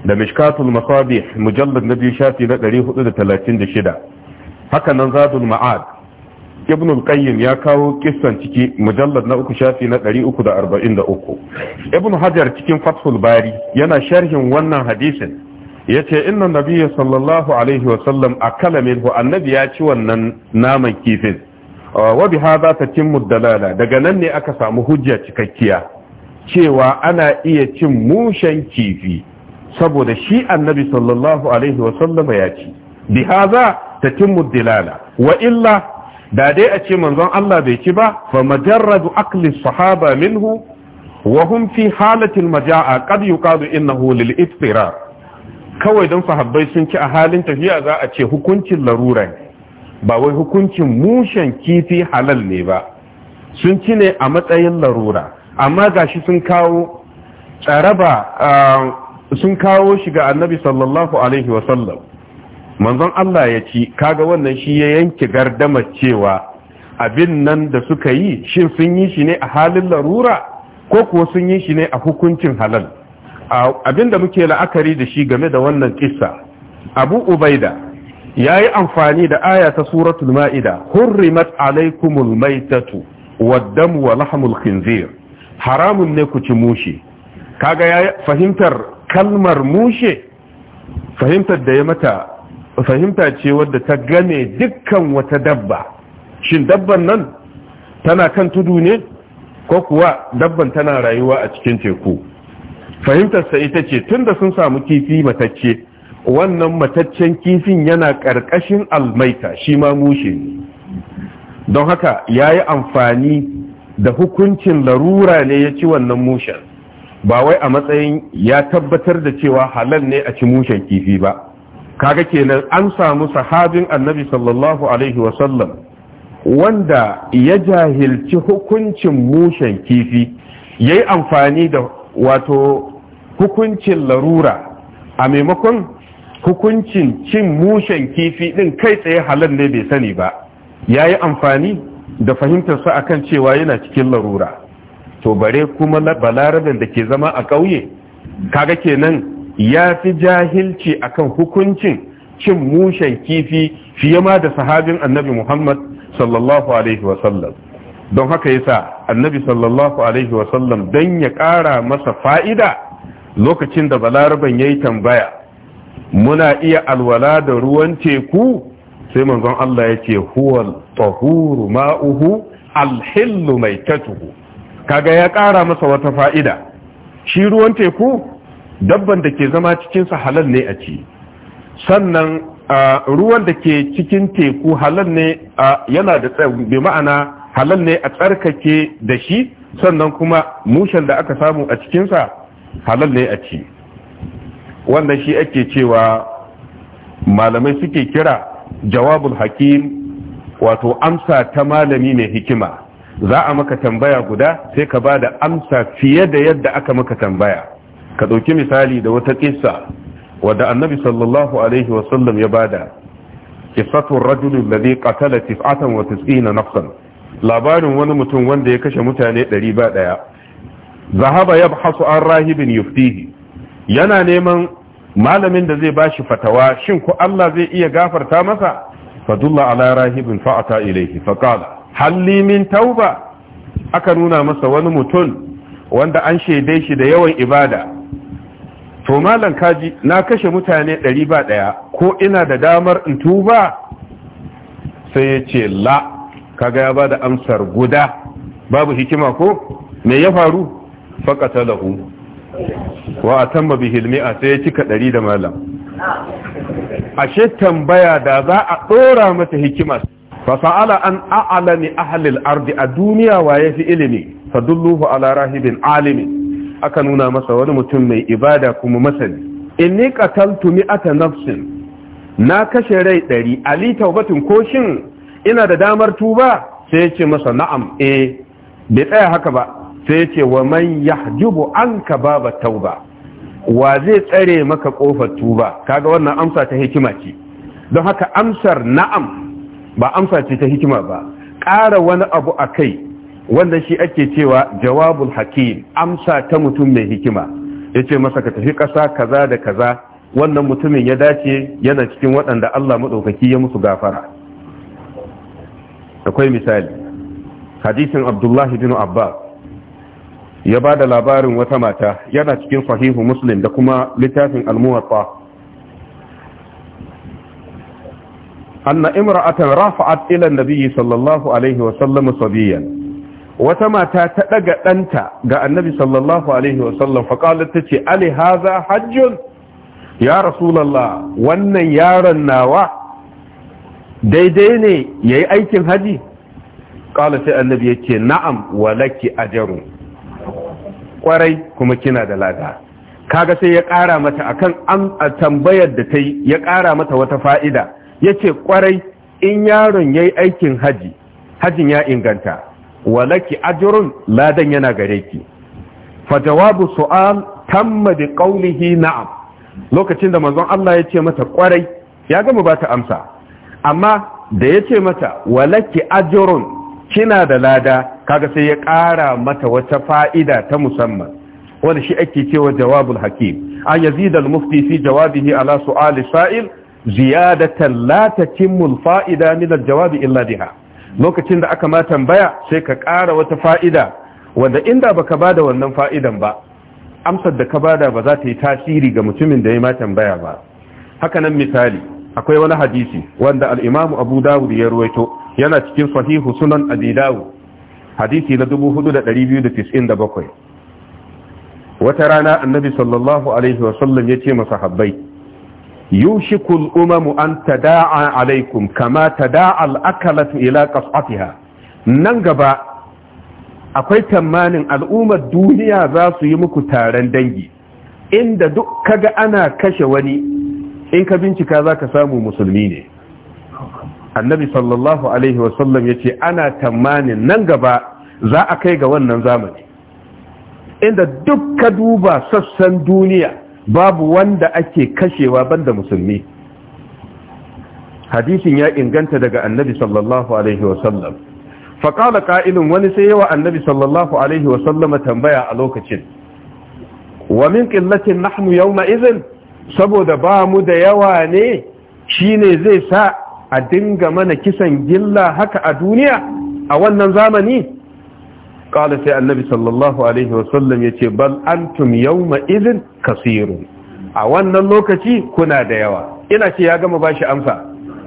da mishkatul masabih mujallad na biyu shafi na 436 haka nan zadul ma'ad ibn al-qayyim ya kawo kissan ciki mujallad na uku shafi na 343 ibn hajar cikin fathul bari yana sharhin wannan hadisin yace inna nabiyya sallallahu alaihi wa sallam akala minhu annabi ya ci wannan naman kifin uh, wa bi hadha tatimmu dalala daga nan ne aka samu hujja cikakkiya cewa ana iya cin mushen kifi saboda shi annabi sallallahu alaihi wa sallam ya ci bi hadha tatimmu dilala wa illa da dai a ce manzon Allah bai ci ba fa majarradu akli sahaba minhu wa hum fi halatil majaa qad yuqadu innahu lil iftirar kawai don sahabbai sun ci a halin tafiya za a ce hukuncin larura ba wai hukuncin mushen kifi halal ne ba sun ci ne a matsayin larura amma gashi sun kawo tsaraba ah, sun kawo shi ga annabi sallallahu alaihi sallam. manzon Allah ya ci kaga wannan shi ya yanke gardama cewa abin nan da suka yi shin sun yi shi ne a halin larura ko kuwa sun yi shi ne a hukuncin halal abin da muke la'akari da shi game da wannan kissa abu ubaida ya yi amfani da aya ta suratul ma'ida hurrimat alaikumul maitatu waddamu wa lahamul khinzir haramun ne ku ci mushe kaga ya fahimtar kalmar mushe fahimtar da ya mata fahimta ce wadda ta game dukkan wata dabba shin dabban nan tana kan tudu ne ko kuwa dabban tana rayuwa a cikin teku fahimtarsa ita ce tun da sun samu kifi matacce wannan mataccen kifin yana ƙarƙashin almaita shi ma mushe ne don haka ya yi amfani da hukuncin larura ne ya ci wannan mushen ba wai a matsayin ya tabbatar da cewa halal ne a ci mushen kifi ba kaga kenan an samu sahabin annabi sallallahu alaihi wasallam wanda ya jahilci hukuncin mushen kifi ya yi amfani da wato hukuncin larura a maimakon hukuncin cin mushen kifi din kai tsaye halal ne bai sani ba ya yi amfani da fahimtarsa akan cewa yana cikin larura to bare kuma balarabin da ke zama a ƙauye kaga kenan ya fi jahilci akan hukuncin cin mushen kifi fiye ma da sahabin annabi Muhammad sallallahu alaihi wasallam don haka yasa annabi sallallahu alaihi wasallam don ya kara masa fa'ida lokacin da balaraban ya yi tambaya muna iya alwala da ruwan teku sai manzon Allah ya ce huwal tahuru ma'uhu alhillu mai tatuhu kaga ya kara masa wata fa'ida shi ruwan teku dabban da ke zama cikinsa halal ne a ci sannan ruwan da ke cikin teku halal ne yana da bi ma'ana halal ne a tsarkake da shi sannan kuma mushen da aka samu a cikinsa halal ne a ci wannan shi ake cewa malamai suke kira jawabul hakim wato amsa ta malami mai hikima za a maka tambaya guda sai ka ba da amsa fiye da yadda aka maka tambaya ka ɗauki misali da wata ƙisa wadda annabi sallallahu alaihi wasallam ya bada qissatu ar-rajul atan wa 99 nafsan labarin wani mutum wanda ya kashe mutane ɗari ba ɗaya. zahaba yabhasu an rahibin yuftihi yana neman malamin da zai bashi fatawa shin ko Allah zai iya gafarta masa fadulla ala rahibin fa'ata ilaihi faqala halli min tauba aka nuna masa wani mutum wanda an shaide shi da yawan ibada to malam kaji na kashe mutane ɗari ba ɗaya ko ina da damar in tuba sai ya ce la kaga ya ba da amsar guda babu hikima ko me ya faru faƙata lahu wa a tamma bi hilmi'a sai ya cika ɗari da malam ashe tambaya da za a ɗora mata hikima fasa'ala an a'alami ahalil ardi a duniya wa ya fi ilimi fadulluhu ala rahibin alimin aka nuna masa wani mutum mai ibada kuma masani inni qataltu mi'ata nafsin na kashe rai ɗari ali taubatun ko shin ina da damar tuba sai ce masa na'am eh bai tsaya haka ba sai ce wa man yahjubu anka baba tauba wa zai tsare maka kofar tuba kaga wannan amsa ta hikima ce don haka amsar na'am ba amsa ce ta hikima ba ƙara wani abu a kai wanda shi ake cewa jawabul hakim amsa ta mutum mai hikima Ya ce masa ka tafi ƙasa kaza da kaza wannan mutumin ya dace yana cikin waɗanda Allah maɗaukaki ya musu gafara akwai misali hadisin abdullahi bin abbas ya ba da labarin wata mata yana cikin sahihu muslim da kuma littafin almuwatta anna imra'atan rafa'at ila nabiyyi sallallahu alaihi wa sallam sabiyan wata mata ta ɗaga ɗanta ga annabi sallallahu alaihi wasallam faƙalar ta ce ali haza hajjun ya rasulallah wannan yaron nawa daidai ne ya yi aikin haji ƙala sai annabi ya ce na'am walaki ajaru ƙwarai kuma kina da lada kaga sai ya ƙara mata akan an tambayar da ta yi ya ƙara mata wata fa'ida ya ce ƙwarai in yaron ya yi aikin haji hajin ya inganta walaki ajrun ladan yana gare ki fa jawabu su'al tamma bi qawlihi na'am lokacin da manzon Allah ya ce mata kwarai ya gama ba ta amsa amma da ya ce mata walaki ajrun kina da lada kaga sai ya ƙara mata wata fa'ida ta musamman wanda shi ake cewa jawabul hakim an yazid al mufti fi jawabihi ala su'al sa'il ziyadatan la tatimmu al fa'ida min al illa biha lokacin da aka ma tambaya sai ka ƙara wata fa'ida wanda inda baka bada wannan fa'idan ba amsar da ka bada ba za ta yi tasiri ga mutumin da ya ma tambaya ba haka nan misali akwai wani hadisi wanda al imamu Abu Dawud ya ruwaito yana cikin sahihu sunan Abi Dawud hadisi na 4297 wata rana annabi sallallahu alaihi wasallam ya ce sahabbai. yushikul umamu an tada'a alaikum kama tada'a al'akalatu ila qas'atiha nan gaba akwai tamanin al'ummar duniya za su yi muku taron dangi inda duk kaga ana kashe wani in ka bincika za ka samu musulmi ne annabi sallallahu alaihi wasallam ya ce ana tamanin nan gaba za a kai ga wannan zamani inda duk ka duba sassan duniya babu wanda ake kashewa banda musulmi hadisin ya inganta daga annabi sallallahu alaihi wasallam faƙala ƙa'ilin wani sai yawa annabi sallallahu alaihi wasallama tambaya a lokacin wa min ƙillacin nahnu yau izin saboda ba mu da yawa ne shi ne zai sa a dinga mana kisan gilla haka a duniya a wannan zamani qala sai annabi sallallahu alaihi wasallam yace bal antum yawma idhin kasirun a wannan lokaci kuna da yawa ina ce ya gama bashi amsa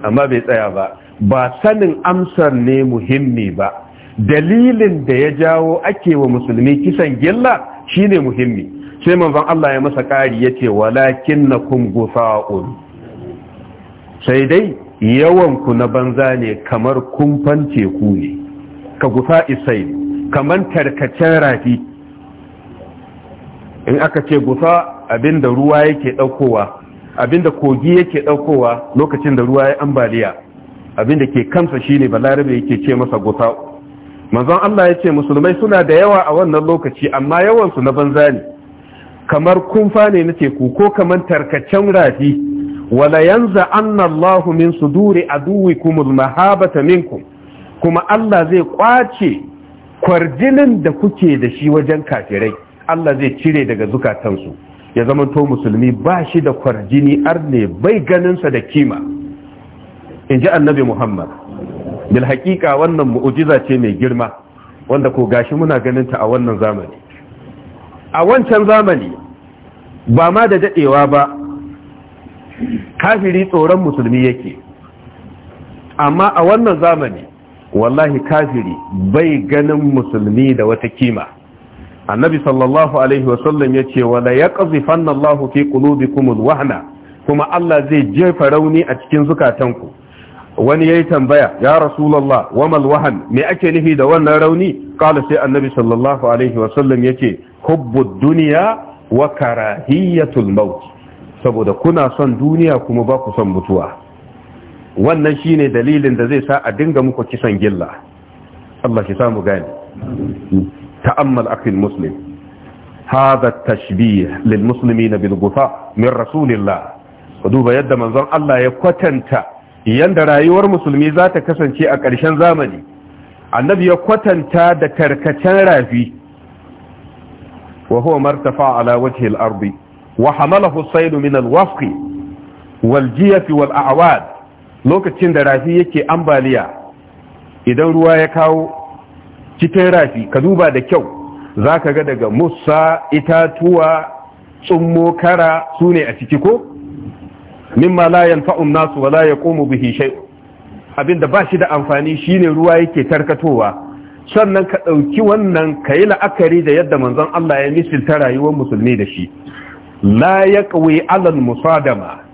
amma bai tsaya ba ba sanin amsar ne muhimmi ba dalilin da ya jawo ake wa musulmi kisan gilla shine muhimmi sai manzon Allah ya masa ƙari yace walakinnakum gufa'un sai dai yawan ku na banza ne kamar kumfan teku ne ka gufa isai kaman tarkacen rafi in aka ce gusa abinda ruwa yake daukowa abinda kogi yake daukowa lokacin da ruwa ya ambaliya abinda ke kansa shine balarabe yake ce masa gufa manzon Allah ya ce musulmai suna da yawa a wannan lokaci amma yawan su na banza ne kamar kumfa ne na teku ko kamar tarkacen rafi wala yanza annallahu min suduri aduwikum almahabata minkum kuma Allah zai kwace kwarjinin da kuke da shi wajen kafirai Allah zai cire daga zukatansu ya zama to musulmi ba shi da kwarjini arne bai ganinsa da kima in ji annabi muhammad bil haƙiƙa wannan mu'ujiza ce mai girma wanda ko gashi muna ganinta a wannan zamani a wancan zamani ba ma da daɗewa ba kafiri tsoron musulmi yake amma a wannan zamani wallahi kafiri bai ganin musulmi da wata kima annabi sallallahu alaihi wasallam ya ce wala ya ƙazifanna Allah fi qulubikumul wahna kuma Allah zai jefa rauni a cikin zukatanku wani yayi tambaya ya rasulullah wamal wahan me ake nufi da wannan rauni qala sai annabi sallallahu alaihi wasallam yace hubbud duniya wa karahiyatul maut saboda kuna son duniya kuma ba ku son mutuwa wannan shine dalilin da zai sa a dinga muku kisan gilla Allah ki samu gani ta'ammal akil muslim hadha tashbih lil muslimina bil gufa min rasulillah duba yadda manzon Allah ya kwatanta yanda rayuwar musulmi za ta kasance a ƙarshen zamani annabi ya kwatanta da karkacen rafi wa huwa martafa ala wajhi al-ardi wa hamalahu as-sayl min al-wasqi wal jiyaf wal a'wad lokacin da rafi yake ambaliya idan ruwa ya kawo cikin rafi ka duba da kyau za ka ga daga musa itatuwa tsummo kara su ne a ciki ko mimma layan fa’un nasu laye komo bihi shai abinda ba shi da amfani shi ne ruwa yake tarkatowa, sannan ka ɗauki wannan ka yi la'akari da yadda manzon Allah ya misilta rayuwar musulmi da shi la ƙawai alal musadama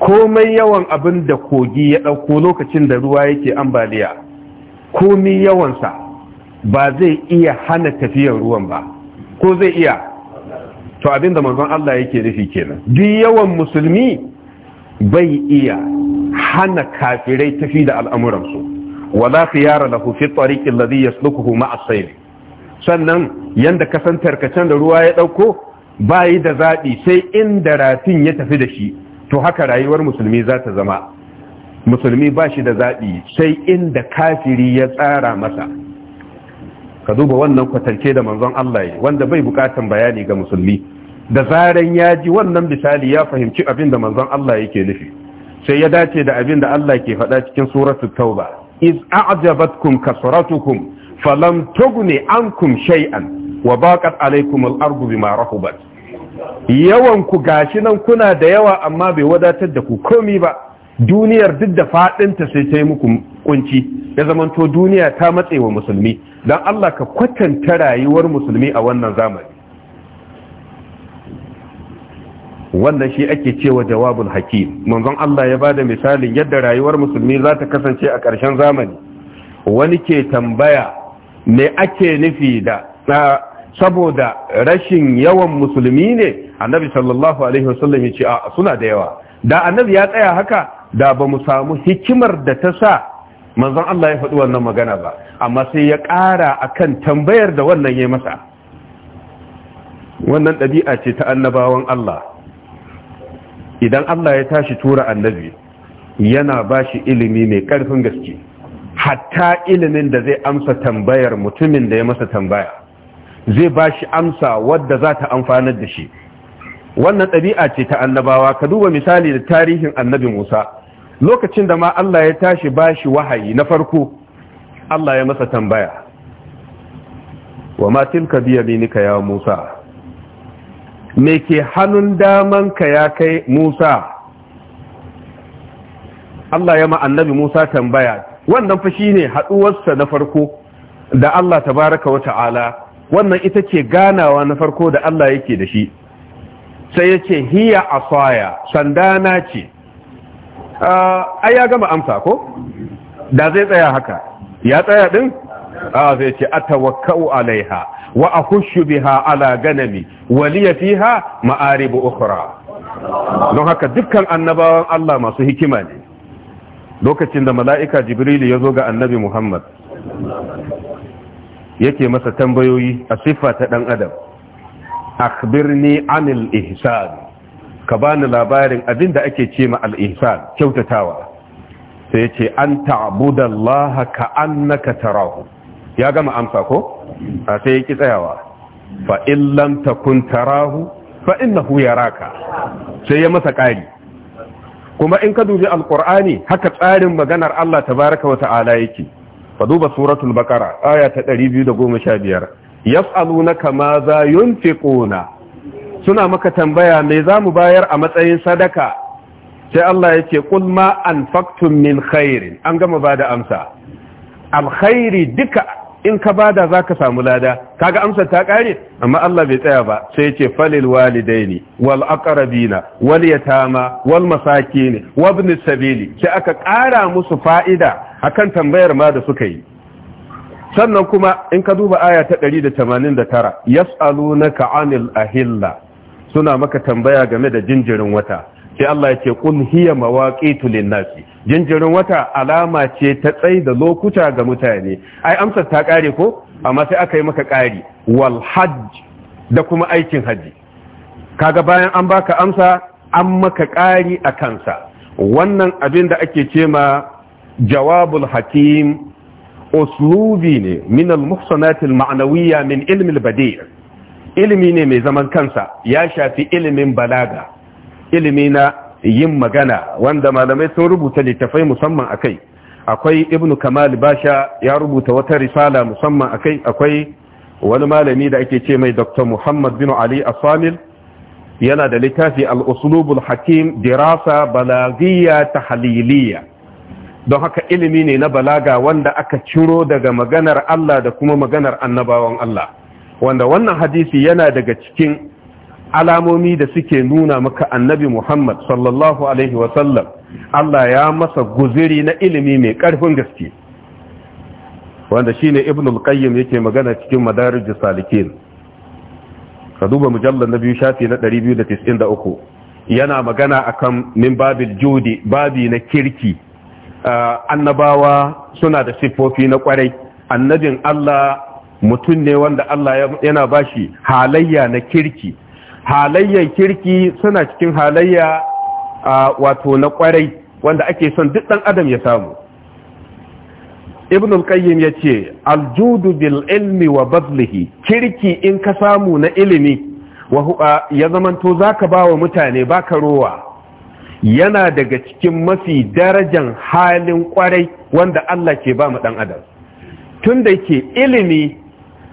komai yawan abin da kogi ya ɗauko lokacin da ruwa yake ambaliya komai yawansa ba zai iya hana tafiyar ruwan ba ko zai iya to abin da manzon Allah yake nufi kenan duk yawan musulmi bai iya hana kafirai tafi da al'amuransu wala khiyara lahu fi tariqi alladhi yaslukuhu ma'a sayl sannan yanda kasan tarkacen da ruwa ya dauko bayi da zabi sai inda ratin ya tafi da shi to haka rayuwar musulmi za ta zama musulmi ba shi da zaɓi sai inda kafiri ya tsara masa ka duba wannan kwatance da manzon Allah ya wanda bai bukatan bayani ga musulmi da zaran ya ji wannan misali ya fahimci abin da manzon Allah yake nufi sai ya dace da abin da Allah ke faɗa cikin suratu tauba iz a'jabatkum kasratukum falam tughni ankum shay'an wa baqat alaykum al-ardu bima rahubat yawan ku gashi nan kuna da yawa amma bai wadatar da ku komi ba duniyar duk da faɗinta sai ta yi muku kunci ya zamanto duniya ta matse wa musulmi don Allah ka kwatanta rayuwar musulmi a wannan zamani wannan shi ake cewa jawabul hakim manzon Allah ya bada misalin yadda rayuwar musulmi za ta kasance a ƙarshen zamani wani ke tambaya me ake nufi da saboda rashin yawan musulmi ne annabi sallallahu alaihi wasallam ya ce a suna da yawa da annabi ya tsaya haka da ba mu samu hikimar da ta sa manzon Allah ya faɗi wannan magana ba amma sai ya ƙara akan tambayar da wannan ya masa wannan ɗabi'a ce ta annabawan Allah idan Allah ya tashi tura annabi yana ba shi ilimi mai ƙarfin gaske hatta ilimin da zai amsa tambayar mutumin da ya masa tambaya zai ba shi amsa wadda za ta amfanar da shi wannan ɗabi'a ce ta annabawa ka duba misali da tarihin annabi musa lokacin da ma allah ya tashi ba shi wahayi na farko allah ya masa tambaya wa ma tilka biya minika ya musa me ke hannun ka ya kai musa allah ya ma annabi musa tambaya wannan fa ne haɗuwarsa na farko da allah tabaraka wa ta'ala wannan ita ce ganawa na farko da Allah yake da shi sai ya ce hiya sanda na ce ai ya gama amsa ko da zai tsaya haka ya tsaya din a zai ce atawakkau alaiha wa a ahushu biha ala ganami waliya fiha ma'aribu ukhra don haka dukkan annabawan Allah masu hikima ne lokacin da mala'ika jibrili ya zo ga annabi Muhammad yake masa tambayoyi a siffa ta ɗan adam akhbirni anil ihsan ka bani labarin abin da ake ce ma al kyautatawa sai ce an ta'budallaha ka annaka tarahu ya gama amsa ko sai yake tsayawa fa in lam takun tarahu fa innahu yaraka sai ya masa ƙari kuma in ka dubi alqur'ani haka tsarin maganar Allah tabaaraka wa ta'ala yake ka duba suratul baqara aya ta ɗari biyu da sha biyar. 215 na kama za yunfiquna suna maka tambaya me mu bayar a matsayin sadaka sai Allah yake qul ma anfaqtum min khairin an gama bada amsa alkhairi duka in ka bada za ka samu lada ka ga amsar ta kare amma Allah bai tsaya ba sai ce falil walidai walidaini wal aqrabina wal yatama wal masakin wabn sabili sai aka kara musu fa'ida akan tambayar ma da suka yi sannan kuma in ka duba aya ta 189 yas'alunaka anil ahilla suna maka tambaya game da jinjirin wata sai Allah ya ce qul hiya mawaqitu lin-nasi jinjirin wata alama ce ta tsai da lokuta ga mutane ai amsar ta kare ko amma sai aka yi maka kari wal hajj da kuma aikin haji kaga bayan an baka amsa an maka kari a kansa wannan abin da ake ce ma jawabul hakim uslubi ne min al muhsanatil ma'nawiyya min ilmi al badi' ilimi ne mai zaman kansa ya shafi ilimin balaga ilimi na yin magana wanda malamai sun rubuta littafai musamman akai akwai ibnu kamal basha ya rubuta wata risala musamman akai akwai wani malami da ake ce mai dr muhammad bin ali asamil yana da littafi al-uslubul hakim dirasa balagiyya tahliliyya don haka ilimi ne na balaga wanda aka ciro daga maganar Allah da kuma maganar annabawan Allah wanda wannan hadisi yana daga cikin alamomi da suke nuna maka annabi Muhammad sallallahu alaihi wasallam Allah ya masa guziri na ilimi mai ƙarfin gaske wanda shine ibn al-qayyim yake magana cikin madarijus salikin ka duba mujallar na biyu shafi na 293 yana magana akan min babil judi babi na kirki annabawa suna da siffofi na kwarai annabin Allah mutum ne wanda Allah yana bashi halayya na kirki halayyar kirki suna cikin halayya wato na kwarai wanda ake son duk ɗan adam ya samu ibn al-qayyim yace aljudu bil ilmi wa bazlihi kirki in ka samu na ilimi wa ya zamanto zaka bawa mutane baka rowa yana daga cikin mafi darajan halin kwarai wanda Allah ke ba mu dan adam tunda yake ilimi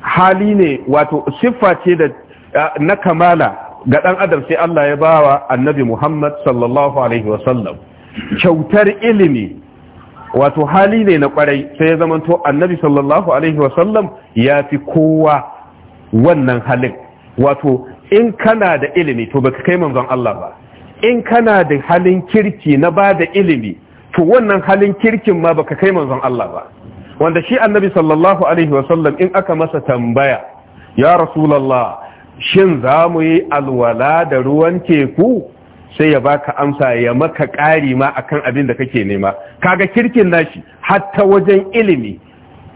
hali ne wato siffa ce da na kamala ga ɗan adam sai Allah ya bawa annabi Muhammad sallallahu alaihi wasallam kyautar ilimi wato hali ne na kwarai sai ya zamanto annabi sallallahu alaihi wasallam ya fi kowa wannan halin wato in kana da ilimi to baka kai manzon Allah ba in kana da halin kirki na ba da ilimi to wannan halin kirkin ma baka kai manzon Allah ba wanda shi annabi sallallahu alaihi wasallam in aka masa tambaya ya rasulallah. shin za mu yi alwala da ruwan teku sai ya baka amsa ya maka ƙari ma akan abin da kake nema kaga kirkin nashi hatta wajen ilimi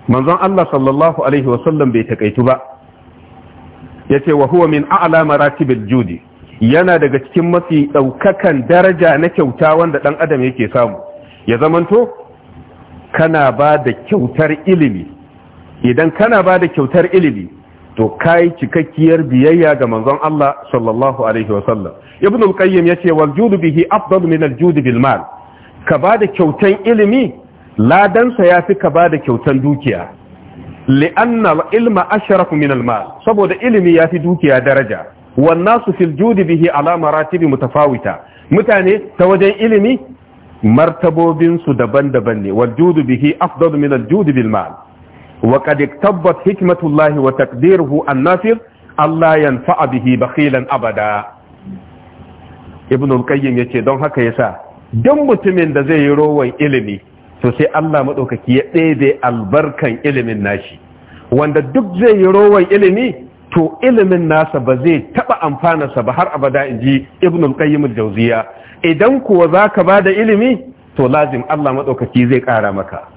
manzon Allah sallallahu alaihi wasallam bai takaitu ba yace wa huwa min a'la maratibil judi yana daga cikin mafi ɗaukakan daraja na kyauta wanda dan adam yake samu ya zamanto kana ba da kyautar ilimi idan kana ba da kyautar ilimi to kai cikakkiyar biyayya ga manzon Allah sallallahu alaihi wasallam ibn al-qayyim yace wal judu bihi afdalu min al-judu bil mal ka bada kyautan ilimi ladan sa yafi ka bada kyautan dukiya li'anna al-ilma ashraf min al-mal saboda ilimi yafi dukiya daraja wan nasu fil judu bihi ala maratibi mutafawita mutane ta wajen ilimi martabobin su daban-daban ne wal judu bihi afdalu min al-judu bil mal wa qad tabbat hikmatullahi wa taqdiruhu an-nafi Allah yanfa'a bihi bakhilan abada ibn al-qayyim yace don haka yasa dan mutumin da zai yi rowan ilimi to sai Allah madaukaki ya ɗebe albarkan ilimin nashi wanda duk zai yi rowan ilimi to ilimin nasa ba zai taba amfanarsa ba har abada inji ibn al Jauziya. al-jawziya idan kuwa zaka da ilimi to lazim Allah madaukaki zai ƙara maka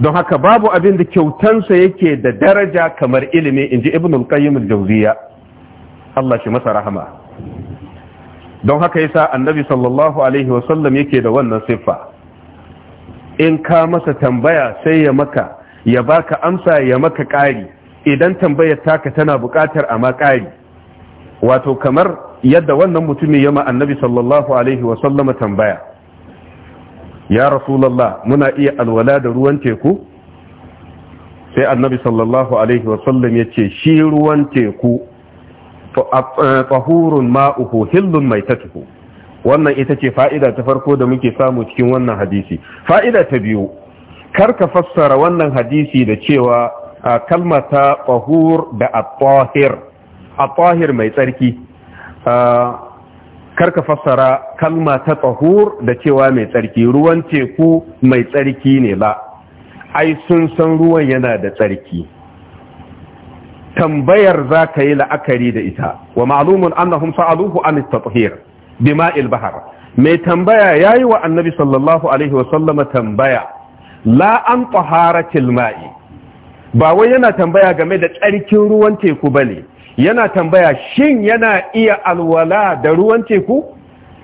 don haka babu abin da kyautansa yake da daraja kamar ilimi in ji ibn al-qayyim al-jawziya Allah shi masa rahama don haka yasa annabi sallallahu alaihi wa sallam yake da wannan siffa in ka masa tambaya sai ya maka ya baka amsa ya maka ƙari idan tambayar taka tana buƙatar a ma wato kamar yadda wannan mutumin ya ma annabi sallallahu alaihi wa sallama tambaya ya rasulallah muna iya alwala da ruwan teku sai annabi sallallahu alaihi wasallam ya ce shi ruwan teku tsahurun ma'uhu hillun mai tatuhu wannan ita ce fa'ida ta farko da muke samu cikin wannan hadisi fa'ida ta biyu kar ka fassara wannan hadisi da cewa a kalmata tsahur da a mai tsarki karka fassara kalma ta tsahur da cewa mai tsarki ruwan teku mai tsarki ne ba ai sun san ruwan yana da tsarki tambayar za ka yi la'akari da ita wa ma'alumun annahum sa'aluhu an tathir bahar mai tambaya yayi wa annabi sallallahu alaihi wa sallama tambaya la an taharatil ma'i ba wai yana tambaya game da tsarkin ruwan teku bane yana tambaya shin yana iya alwala da ruwan teku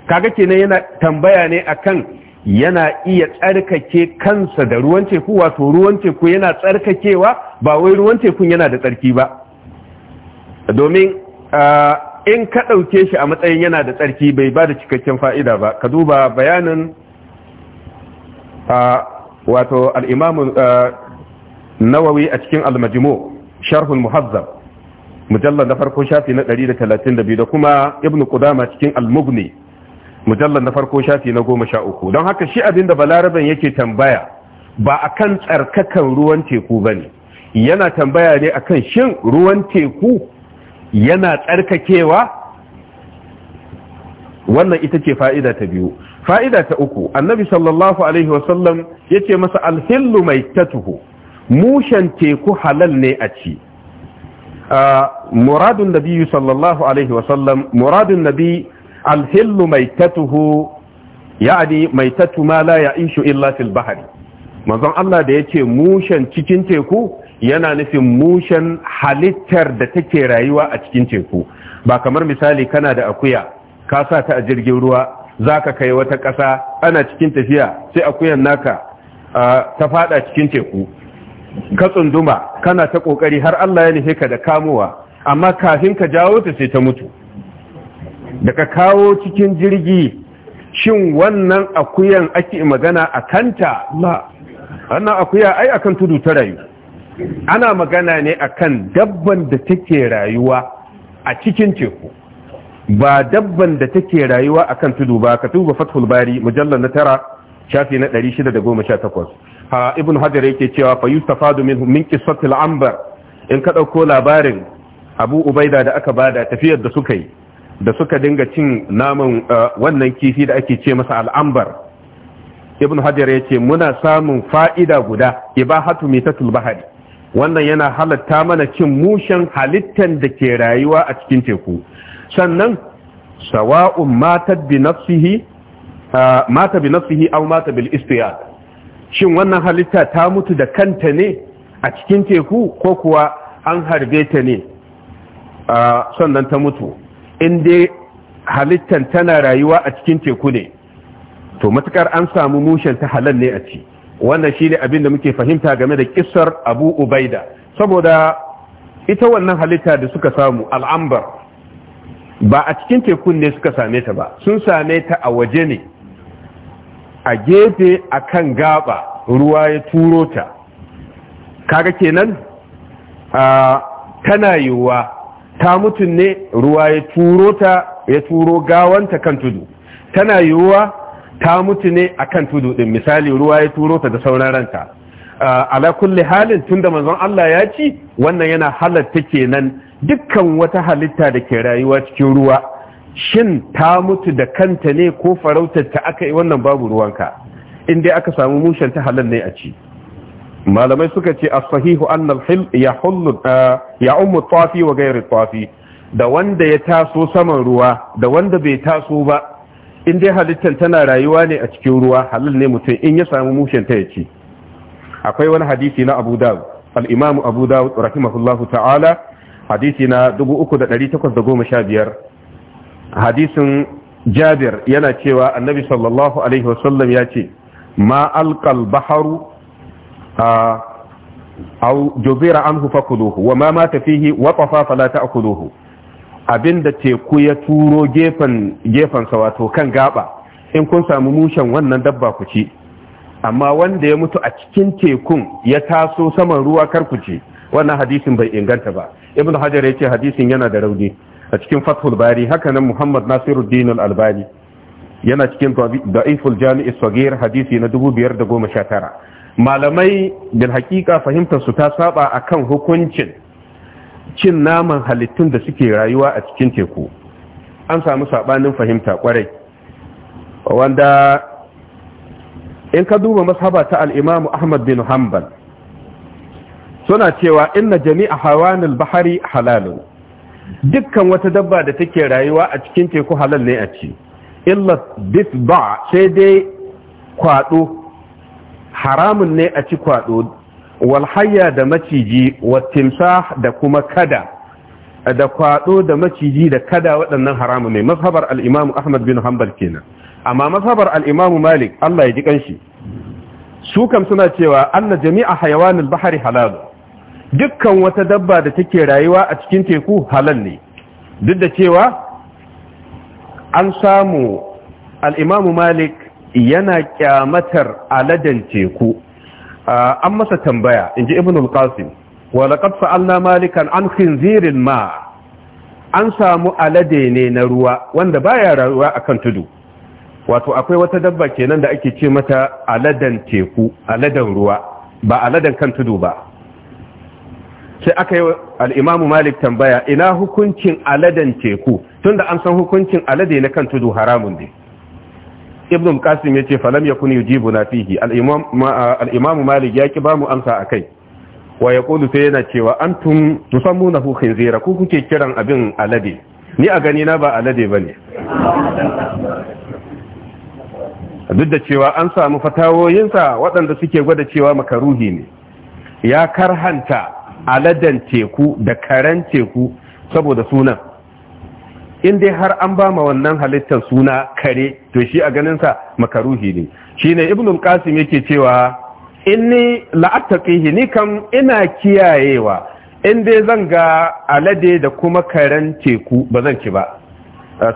kaga kenan yana tambaya ne akan yana iya tsarkake kansa da ruwan teku wato ruwan teku yana tsarkakewa ba wai ruwan teku yana da tsarki ba domin in ka ɗauke shi a matsayin yana da tsarki bai ba da cikakken fa'ida ba ka duba bayanin wato al'imamu nawawi a cikin almajimo sharhul muhazzab mujallar na farko shafi na 132 da kuma ibn qudama cikin al-mughni mujallar na farko shafi na goma sha uku. don haka shi abinda balaraban yake tambaya ba akan tsarkakan ruwan teku bane yana tambaya ne akan shin ruwan teku yana tsarkakewa wannan ita ce fa'ida ta biyu fa'ida ta uku annabi sallallahu alaihi wasallam ya ce masa alhillu mai tatuhu mushen teku halal ne a ci muradun nabi sallallahu alaihi sallam, muradun nabi alhillu maitatuhu ya'ani maitatu ma la ya'ishu illa fil bahri manzon Allah da ya ce mushen cikin teku yana nufin mushen halittar da take rayuwa a cikin teku ba kamar misali kana da akuya ka sa ta a jirgin ruwa zaka kai wata ƙasa ana cikin tafiya sai akuyan naka ta fada cikin teku ka tsunduma kana ta kokari har Allah ya nufe ka da kamowa amma kafin ka jawo ta sai ta mutu da ka kawo cikin jirgi shin wannan akuyan ake magana a kanta la wannan akuya ai akan tudu ta rayu ana magana ne akan dabban da take rayuwa a cikin teku ba dabban da take rayuwa akan tudu ba ka tuba fathul bari mujallar na tara shafi na 618 ibn hajar yake cewa fa yustafadu minhu min qissatil anbar in ka dauko labarin abu ubaida da aka bada tafiyar da suka yi da suka dinga cin naman eh, wannan kifi da ake ce masa al'ambar ibn hajar ya ce muna samun fa'ida guda ibahatu mitatul bahari wannan yana halatta mana cin mushen halittan da ke rayuwa a cikin teku sannan sawa'un matat bi nafsihi eh, mata bi nafsihi aw mata bil istiyad shin wannan halitta ta mutu da kanta ne a cikin teku ko kuwa an harbe ta ne sannan ta mutu in dai halittan tana rayuwa a cikin teku ne to matukar an samu mushen ta halal ne a ci wannan shi ne abinda da muke fahimta game da kisar abu ubaida saboda ita wannan halitta da suka samu al'ambar ba a cikin tekun ne suka same ta ba sun same ta a waje ne a gefe a kan gaba ruwa ya turo ta kaga kenan tana yiwuwa ta mutun ne ruwa ya turo ta ya turo gawanta kan tudu tana yiwuwa ta mutu ne a kan tudu din misali ruwa ya turo ta da sauran ranta ala kulli halin tun tunda manzon Allah ya ci wannan yana halatta kenan dukkan wata halitta da ke rayuwa cikin ruwa shin ta mutu da kanta ne ko farautar ta aka yi wannan babu ruwanka in dai aka samu mushen ta halal ne a ci malamai suka ce a sahihu an al-hil ya eh, ummu tafi wa gairi tafi da wanda ya taso saman ruwa da wanda bai taso ba in dai halittar tana rayuwa ne a cikin ruwa halal ne mutum in ya samu mushen ta ya ci akwai wani hadisi na Abu Dawud al-Imam Abu Dawud rahimahullahu ta'ala hadisi na 3815 hadisin jabir yana cewa annabi sallallahu alaihi wasallam ya ce ma alqal baharu a au jubira anhu fakuluhu wa ma mata fihi wa tafa fala ta'kuluhu abinda teku ya turo gefen gefen sa wato kan gaba in kun samu mushen wannan dabba ku ci amma wanda ya mutu a cikin tekun ya taso saman ruwa kar ku ci wannan hadisin bai inganta ba ibnu hajar ce hadisin yana da rauni a cikin fathul bari haka nan muhammad nasiruddin al-albani yana cikin da'iful jami'i sagir hadisi na 2019 malamai bil hakika fahimtar su ta saba akan hukuncin cin naman halittun da suke rayuwa a cikin teku an samu sabanin fahimta kwarai wanda in ka duba mashaba ta al imamu ahmad bin hanbal suna cewa inna jami'a hawanil bahari halalun dukkan wata dabba da take rayuwa a cikin teku halal ne a ci illa ba. sai dai kwado haramun ne a ci kwado walhayya da maciji timsa da kuma kada da kwado da maciji da kada waɗannan haramun ne mazhabar al'imamu ahmad bin hanbal kenan amma mazhabar al'imamu malik allah ya ji kanshi su kam suna cewa anna jami'a hayawanin bahari halalu dukkan wata dabba da take rayuwa a cikin teku halal ne duk da cewa an samu al'imamu malik yana kyamatar aladen teku an masa tambaya in ji ibn al-qasim walaƙad fa'alna malikan an khinzirin ma an samu alade ne na ruwa wanda baya rayuwa akan tudu wato akwai wata dabba kenan da ake ce mata aladen teku aladen ruwa ba aladen kan tudu ba sai aka yi al'imamu malik tambaya ina hukuncin aladen teku tunda an san hukuncin alade na kan tudu haramun ne ibn qasim ya ce falam kuni yujibu na fihi al'imamu malik ya ki ba mu amsa a kai wa ya kulu sai yana cewa an tun tusan na hukun zera ku kuke kiran abin alade ni a gani na ba alade ba ne duk da cewa an samu fatawoyinsa waɗanda suke gwada cewa makaruhi ne ya karhanta aladan teku da karen teku saboda sunan in dai har an ba ma wannan halittar suna kare to shi a ganinsa makaruhi ne Shi shine ibnul qasim yake cewa inni la'attaqihi ni kam ina kiyayewa in dai zan ga alade da kuma karen teku ba zan ci ba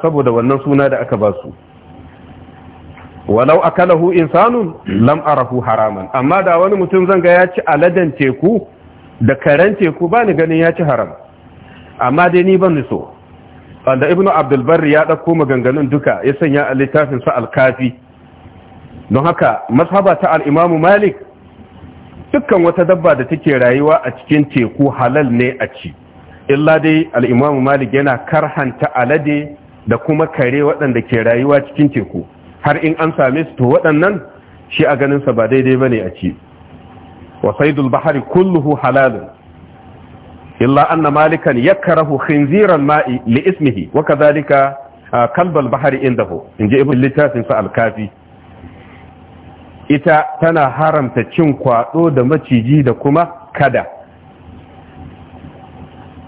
saboda wannan suna da aka ba su walau akalahu insanun lam arahu haraman amma da wani mutum zan ga ya ci aladen teku da karen teku ba ni ganin ya ci haram amma dai ni ban so wanda ibnu abdulbar ya ɗauko maganganun duka ya sanya a littafin sa alkafi don haka mazhaba ta al'imamu malik dukkan wata dabba da take rayuwa a cikin teku halal ne a ci illa dai al'imamu malik yana karhanta alade da kuma kare waɗanda ke rayuwa cikin teku har in an same su to waɗannan shi a ganinsa ba daidai bane a ci wa saydul bahari kulluhu halalun illa anna malikan yakrahu khinziran ma'i li ismihi wa kadhalika uh, kalbal bahari indahu inji ibn littafin sa al-kafi ita tana haramta cin kwado da maciji da kuma kada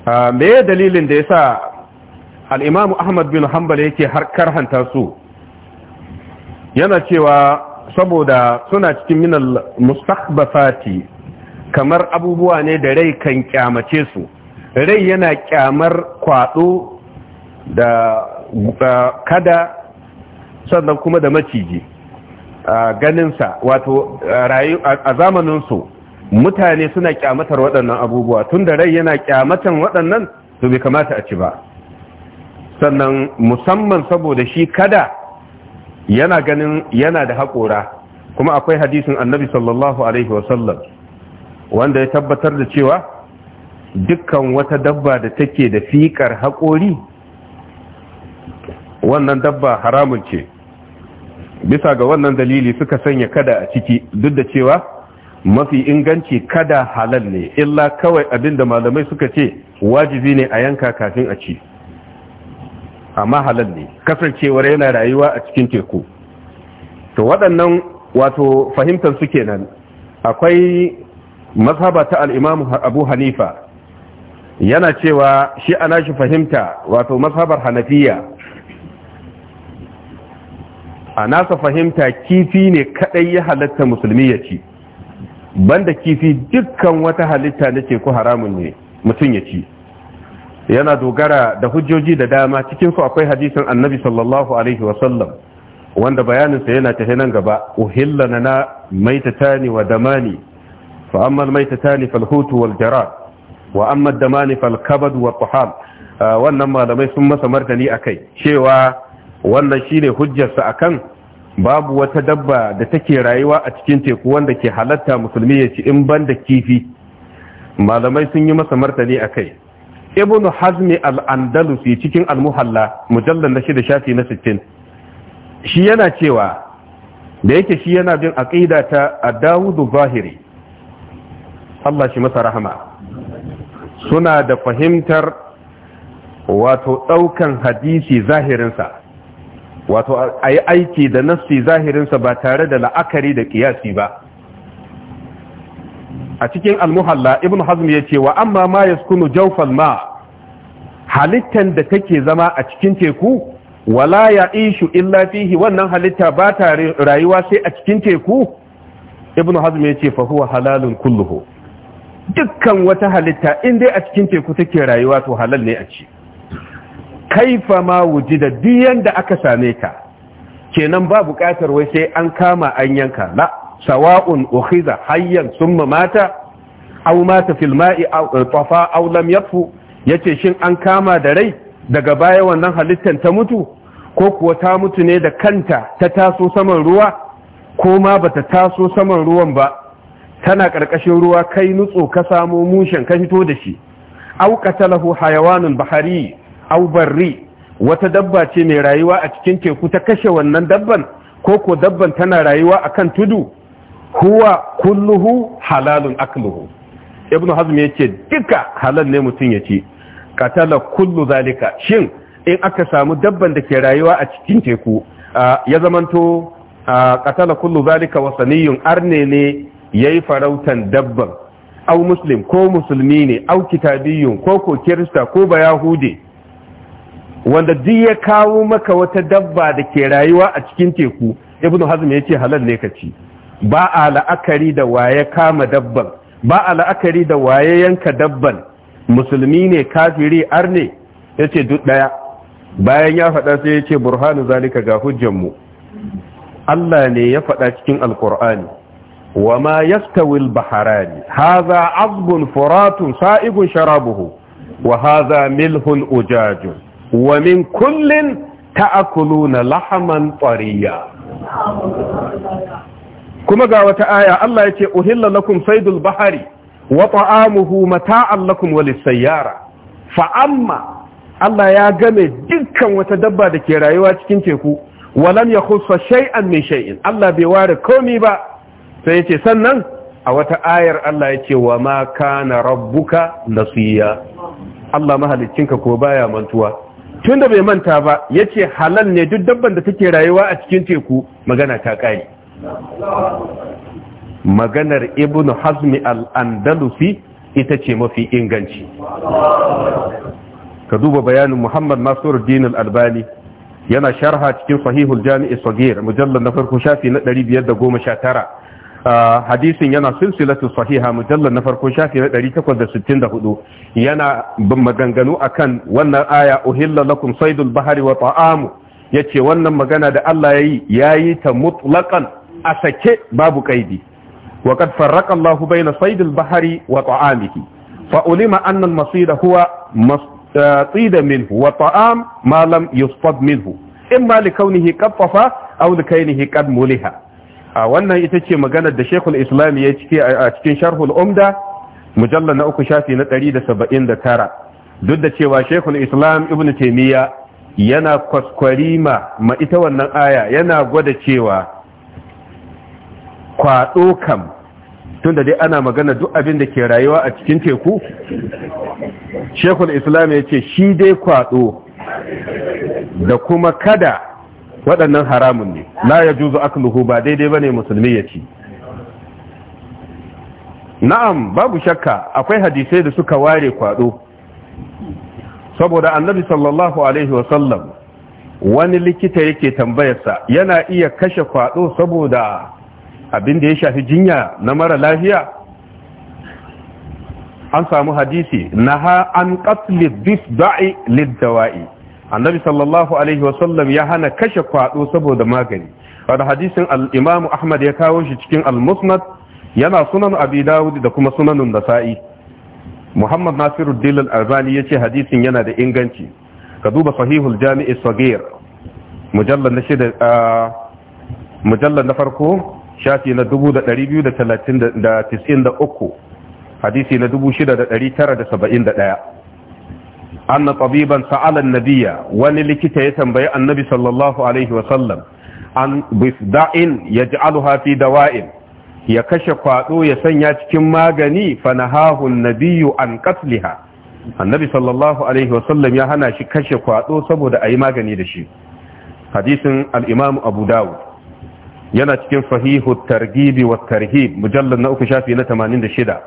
uh, me dalilin da yasa al-imam ahmad bin hanbal yake har karhanta su yana cewa saboda suna cikin minal mustaqbafati kamar abubuwa ne da rai kan kyamace su rai yana kyamar kwado da kada sannan kuma da maciji ganinsa wato a zamaninsu mutane suna kyamatar waɗannan abubuwa tun da rai yana kyamatan waɗannan to bai kamata a ci ba sannan musamman saboda shi kada yana ganin yana da haƙora kuma akwai hadisin annabi sallallahu alaihi wasallam wanda ya tabbatar da cewa dukkan wata dabba da take da fiƙar haƙori wannan dabba haramun ce bisa ga wannan dalili suka sanya kada a ciki duk da cewa mafi inganci kada halal ne illa kawai abinda malamai suka ce wajibi ne a yanka kafin a ci amma halal ne kasancewar yana rayuwa a cikin teku to waɗannan wato fahimtar su kenan akwai mazhaba ta al'imamu abu hanifa yana cewa shi ana shi fahimta wato mazhabar hanafiya a nasa fahimta kifi ne kaɗai ya halatta musulmi ya ci banda kifi dukkan wata halitta na ku haramun ne mutum ya ci yana dogara da hujjoji da dama cikin su akwai hadisin annabi sallallahu alaihi wasallam wanda bayaninsa yana tafi nan gaba uhilla na maitatani wa damani fa amma maitatani fal hutu wal jara wa amma damani fal kabad wa tahal ah, wannan malamai sun masa martani akai cewa wannan shine hujjarsa akan babu wata dabba da take rayuwa a cikin teku wanda ke halatta musulmi ya ci in ban da kifi malamai sun yi masa martani akai ibn hazmi al-andalusi cikin al-muhalla mujallal na shida shafi na 60 shi yana cewa da yake shi yana bin aqida ta ad-dawud zahiri Allah shi masa rahama suna da fahimtar wato daukan hadisi zahirinsa wato ayi aiki da nassi zahirinsa ba tare da la'akari da kiyasi ba a cikin almuhalla ibn hazm ya ce wa amma ma yaskunu jawfal ma halittan da take zama a cikin teku wala ya ishu illa fihi wannan halitta ba ta rayuwa sai a cikin teku ibn hazm ya ce fa huwa halalun kulluhu dukkan wata halitta in dai a cikin teku take rayuwa to halal ne a ci kaifa ma wujida duk yanda aka same ta kenan ba bukatar wai sai an kama an yanka la sawa'un ukhiza hayyan summa mata aw mata filma'i ma'i aw eh, lam yafu yace shin an kama da rai daga baya wannan halittar ta mutu ko kuwa ta mutu ne da kanta ta taso saman ruwa ko ma bata taso saman ruwan ba tana ƙarƙashin ruwa kai nutso ka samo mushen ka fito da shi aw qatalahu hayawanun bahari au barri wata dabba ce mai rayuwa a cikin teku ta kashe wannan dabban ko ko dabban tana rayuwa akan tudu huwa kulluhu halalun akluhu ibnu hazm yace duka halal ne mutum ya ci katala kullu zalika shin in aka samu dabban da ke rayuwa a cikin teku ya zamanto katala kullu zalika wasaniyun arne ne yayi farautan dabban au muslim ko musulmi ne au kitabiyun ko ko kirista ko ba yahudi wanda duk ya kawo maka wata dabba da ke rayuwa a cikin teku ibnu hazm yace halal ne ka ci ba a la'akari da waye kama dabban ba a la'akari da waye yanka dabban musulmi ne kafiri arne yace duk daya bayan ya faɗa sai yace burhanu zalika ga hujjan Allah ne ya faɗa cikin alkur'ani wa ma yastawi al-baharani hadha azbun furatun sa'igun sharabuhu wa hadha milhun ujajun wa min kullin ta'kuluna lahaman tariya kuma ga wata aya Allah ya ce uhilla lakum saydul bahari wa ta'amuhu mata'an lakum wa lis-sayyara fa amma Allah ya game dukkan wata dabba da ke rayuwa cikin teku lam yakhussa shay'an min shay'in Allah bai ware komai ba sai yace sannan a wata ayar Allah yace wa ma kana rabbuka nasiya Allah ka ko baya mantuwa tunda bai manta ba yace halal ne duk dabban da take rayuwa a cikin teku magana ta kai maganar ibn hazmi al-andalusi ita ce mafi inganci ka duba bayanin muhammad nasiruddin al-albani yana sharha cikin sahihul jami'i sagir mujallar na farko shafi na 519 hadisin yana silsilatu sahiha mujallar na farko shafi na 864 yana maganganu akan wannan aya uhilla lakum saydul bahari wa ta'amu yace wannan magana da Allah yayi yayi ta mutlaqan a sake babu kaidi wa qad farraqa Allahu bayna saydil bahri wa ta'amihi fa ulima anna al-masida huwa masida eh, minhu wa ta'am ma lam yusfad minhu imma li kaunihi qad tafa aw li kaunihi qad muliha a wannan ita ce maganar da Sheikhul Islam ya cike a cikin Sharhul Umda mujallal na uku shafi na ɗari da da saba'in tara. duk da cewa Sheikhul Islam Ibn Taimiyya yana kwaskwarima ma ita wannan aya yana gwada cewa kwado kam tunda dai ana magana duk abin da ke rayuwa a cikin teku shekul islam ya ce shi dai kwado da kuma kada waɗannan haramun ne la ya juzu akaluhu ba daidai ba ne musulmi ya ci na'am babu shakka akwai hadisai da suka ware kwado saboda annabi sallallahu alaihi wasallam wani likita yake tambayarsa yana iya kashe kwado saboda abin da ya shafi jinya na mara lafiya an samu hadisi na ha an qatli bisda'i liddawa'i annabi sallallahu alaihi wasallam ya hana kashe kwado saboda magani wanda hadisin al ahmad ya kawo shi cikin al-musnad yana sunan abi dawud da kuma sunan nasa'i muhammad nasiruddin al-albani ce hadisin yana da inganci ka duba sahihul jami'i sagir mujallar shida na farko shafi na 2293 hadisi na 6971 anna tabiban sa'ala an-nabiyya wani likita ya tambayi annabi sallallahu alaihi wa sallam an bisda'in yaj'aluha fi dawa'in ya kashe kwaɗo ya sanya cikin magani fanahahu an-nabiyyu an qatliha annabi sallallahu alaihi wa ya hana shi kashe kwaɗo saboda ayi magani da shi hadisin al-imam abu dawud yana cikin fahihu targibi wa tarhib mujallar na uku shafi na 86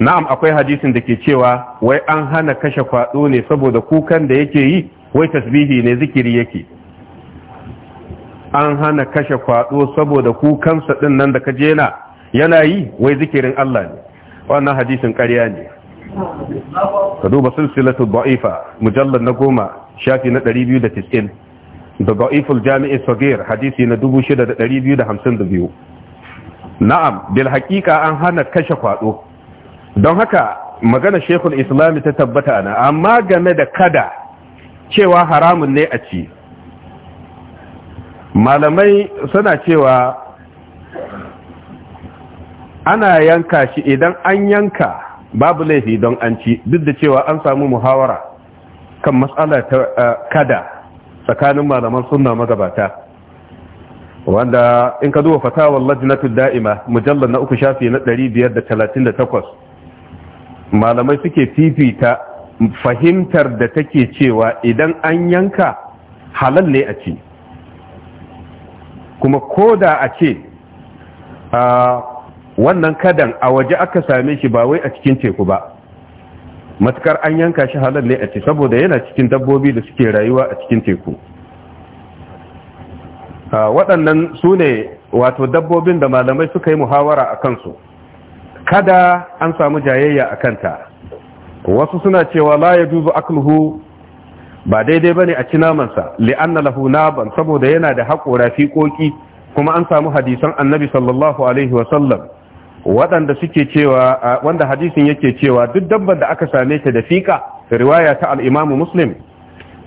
na'am akwai hadisin da ke cewa wai an hana kashe kwado ne saboda kukan da yake yi wai tasbihi ne zikiri yake an hana kashe kwado saboda kukansa din nan da kaje na yana yi wai zikirin Allah ne wannan hadisin ƙarya ne ka duba silsilatu da'ifa mujallar na goma shafi na 290 da da'iful jami'i sagir hadisi na 6252 na'am bil haqiqa an hana kashe kwado don haka magana shekul islami ta tabbata ana amma game da kada cewa haramun ne a ci malamai suna cewa ana yanka shi idan an yanka babu laifi don an ci duk da cewa an samu muhawara kan matsala ta eh, kada tsakanin malaman sunna magabata wanda in ka duba fatawar lajinatul da'ima mujallar na uku shafi na 538 malamai suke fifita fahimtar da take cewa idan an yanka halal ne a ce kuma ko da a ce wannan kadan a waje aka same shi ba wai a cikin teku ba matukar an yanka shi halal ne a ce saboda yana cikin dabbobi da suke rayuwa a cikin teku ah, waɗannan su ne wato dabbobin da malamai suka yi muhawara a kansu kada an samu jayayya a kanta wasu suna cewa la ya juzu akluhu ba daidai ba ne a ci namansa li'anna lahu naban saboda yana da haƙora fi kuma an samu hadisan annabi sallallahu alaihi wasallam waɗanda suke cewa wanda hadisin yake cewa duk dabban da aka same ta da fika riwaya ta Al'imamu Muslim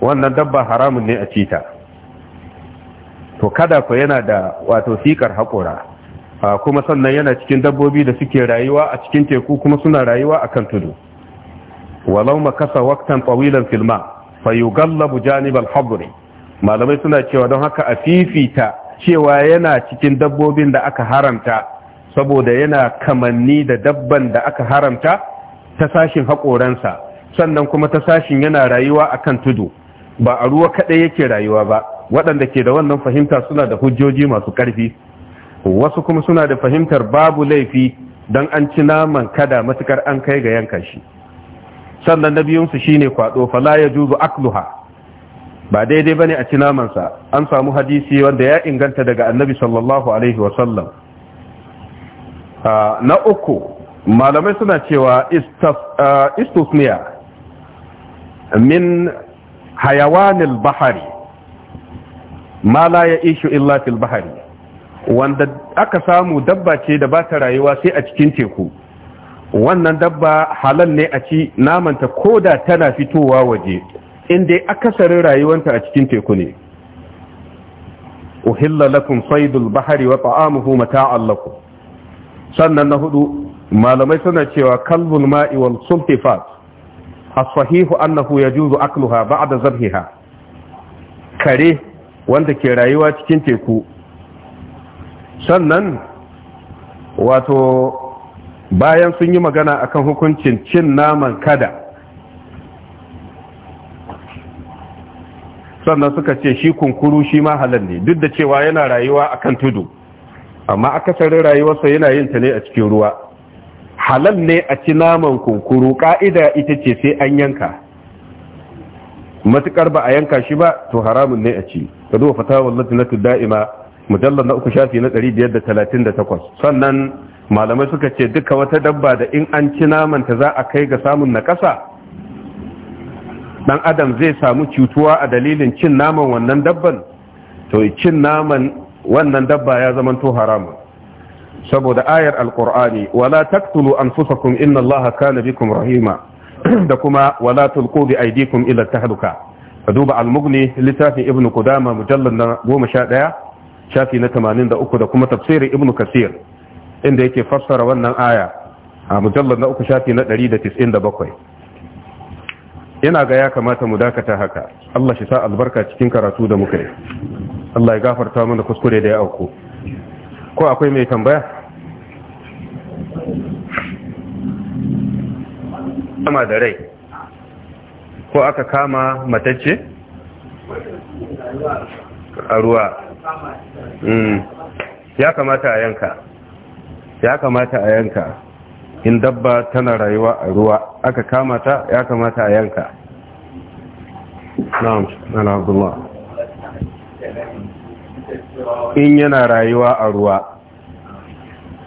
wannan dabba haramun ne a cita to kada ku yana da wato fikar haƙora kuma sannan yana cikin dabbobi da suke rayuwa a cikin teku kuma suna rayuwa a kan tudu walau makasa waktan tsawilan filma Fayugallabu janib al malamai suna cewa don haka a fifita cewa yana cikin dabbobin da aka haramta saboda yana kamanni da dabban da aka haramta ta sashin haƙoransa sannan kuma ta sashin yana rayuwa a kan tudu ba a ruwa kaɗai yake rayuwa ba waɗanda ke da wannan fahimta suna da hujjoji masu ƙarfi wasu kuma suna da fahimtar babu laifi don an ci naman kada matukar an kai ga yanka shi sannan na biyunsu shine kwaɗo fala ya juzu akluha ba daidai ba ne a ci namansa an samu hadisi wanda ya inganta daga annabi sallallahu alaihi wasallam na uku malamai suna cewa istusniya min hayawanil bahari ma la ya ishu illa fil bahari wanda aka samu dabba ce da ba ta rayuwa sai a cikin teku wannan dabba halal ne a ci namanta ko da tana fitowa waje inda akasarin rayuwanta a cikin teku ne uhilla lakum saydul bahari wa ta'amuhu mata'an lakum sannan na hudu malamai suna cewa kalbun ma'i wal sultifat as-sahihu annahu yajuzu akluha ba'da zabhiha kare wanda ke rayuwa cikin teku sannan wato bayan sun yi magana akan hukuncin cin naman kada sannan suka ce shi kunkuru shi ma halal ne duk da cewa yana rayuwa a kan tudu amma akasarin rayuwarsa yana yin ta ne a cikin ruwa halal ne a ci naman kunkuru ka'ida ita ce sai an yanka matukar ba a yanka shi ba to haramun ne a ci ka duba fatawar na da'ima mujallar na uku shafi na 538 sannan malamai suka ce duka wata dabba da in an ci naman ta za a kai ga samun na dan adam zai samu cutuwa a dalilin cin naman wannan dabban to cin naman wannan dabba ya zama zamanto haramun saboda ayar alqur'ani wala taqtulu anfusakum inna allaha kana bikum rahima da kuma wala tulqu bi aydikum ila tahluka duba al-mughni littafin ibnu qudama mujallad na 11 shafi na 83 da kuma tafsirin ibnu kasir inda yake fassara wannan aya a mujallad na uku shafi na 197 ina ga ya kamata mu dakata haka Allah shi sa albarka cikin karatu da muka yi Allah ya gafarta mana kuskure da ya auku ko akwai mai tambaya kama da rai ko aka kama matacce a ruwa mm. ya kamata a yanka ya kamata a yanka in dabba tana rayuwa a ruwa aka kamata ya kamata a yanka na'am na'am Abdullahi in yana rayuwa a ruwa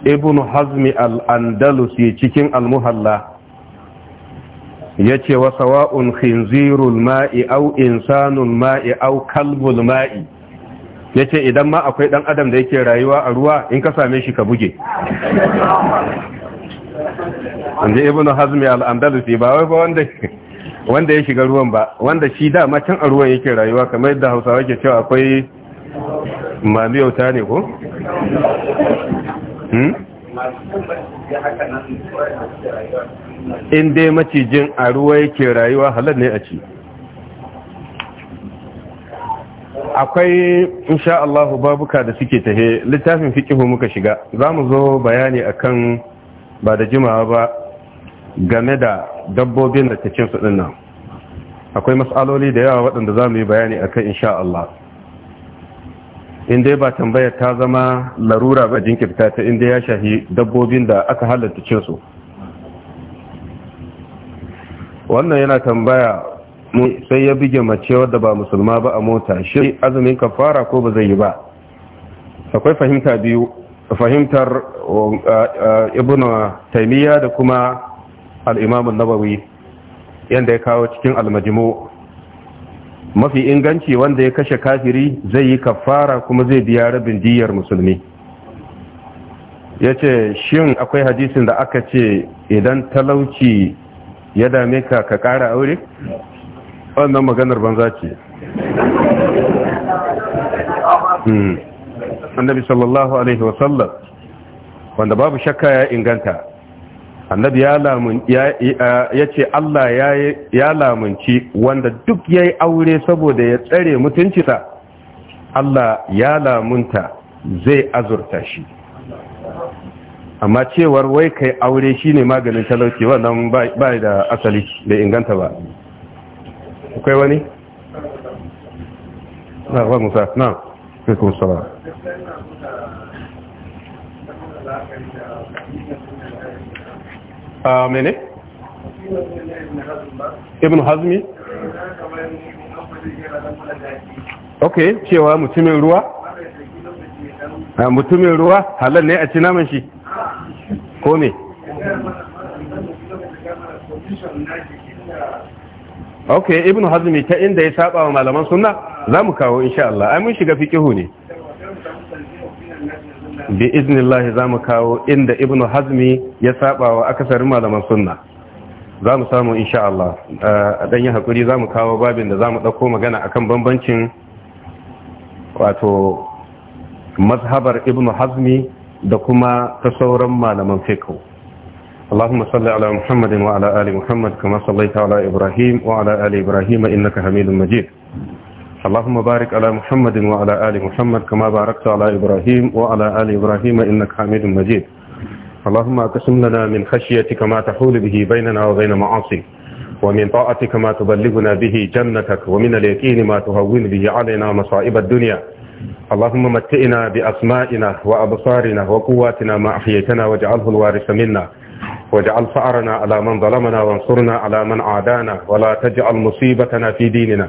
ibn hazmi al-andalusi cikin almuhalla muhalla ya ce wa sawa'un khinzirul ma'i au insanul ma'i au kalbul ma'i ya ce idan ma akwai ɗan adam da yake rayuwa a ruwa in ka same shi ka buge inda ibn hazmi al ba wai ba wanda wanda ya shiga ruwan ba wanda shi dama can a ruwan yake rayuwa kamar yadda hausawa ke cewa akwai mami yauta ne ko? Hmm? in dai macijin a ruwa yake rayuwa halar ne a ci akwai insha Allahu babuka da suke tahe littafin fikihu muka shiga za mu zo bayani akan ba da jimawa ba game da dabbobin da ta su dinnan akwai matsaloli da yawa waɗanda za mu yi bayani akan insha Allah in dai ba tambayar ta zama larura ba jinkirta ta inda ya shahi dabbobin da aka halatta cin su wannan yana tambaya sai ya bige mace wadda ba musulma ba a mota shi azumin kafara ko ba zai yi ba akwai fahimta biyu fahimtar eh, ibn taimiyya da kuma an nabawi yanda ya kawo cikin al-majmu' mafi inganci wanda ya kashe kafiri zai yi kafara kuma zai biya rabin diyar musulmi ya ce shin akwai hadisin da aka ce idan talauci ya dame ka ka kara aure wannan maganar banza ce hmm. annabi sallallahu alaihi wasallam wanda babu shakka ya inganta annabi ya ce Allah ya lamunci wanda duk ya yi aure saboda ya tsare mutuncinsa Allah ya lamunta zai azurta shi amma cewar wai kai aure shine maganin talauci wannan ba da asali bai inganta ba akwai wani? na wa musa na kuma sara a ah, mene ibn hazmi ok cewa mutumin ruwa ah, mutumin ruwa halar ne a ci naman shi ko ne ok ibn hazmi ta inda ya saba wa malaman suna, za mu kawo insha Allah ai mun shiga fiqihu ne bi iznillahi za mu kawo inda ibnu hazmi ya saba wa akasarin malaman sunna za mu samu insha Allah a ɗanyen haƙuri za mu kawo babin da za mu ɗauko magana akan bambancin wato mazhabar ibnu hazmi da kuma ta sauran malaman fiqh اللهم صل على محمد وعلى آل محمد كما صليت على إبراهيم وعلى آل إبراهيم إنك حميد مجيد اللهم بارك على محمد وعلى آل محمد كما باركت على إبراهيم وعلى آل إبراهيم إنك حميد مجيد اللهم أقسم لنا من خشيتك ما تحول به بيننا وبين معاصي ومن طاعتك ما تبلغنا به جنتك ومن اليقين ما تهون به علينا مصائب الدنيا اللهم متئنا بأسمائنا وأبصارنا وقواتنا ما أحييتنا واجعله الوارث منا واجعل فأرنا على من ظلمنا وانصرنا على من عادانا ولا تجعل مصيبتنا في ديننا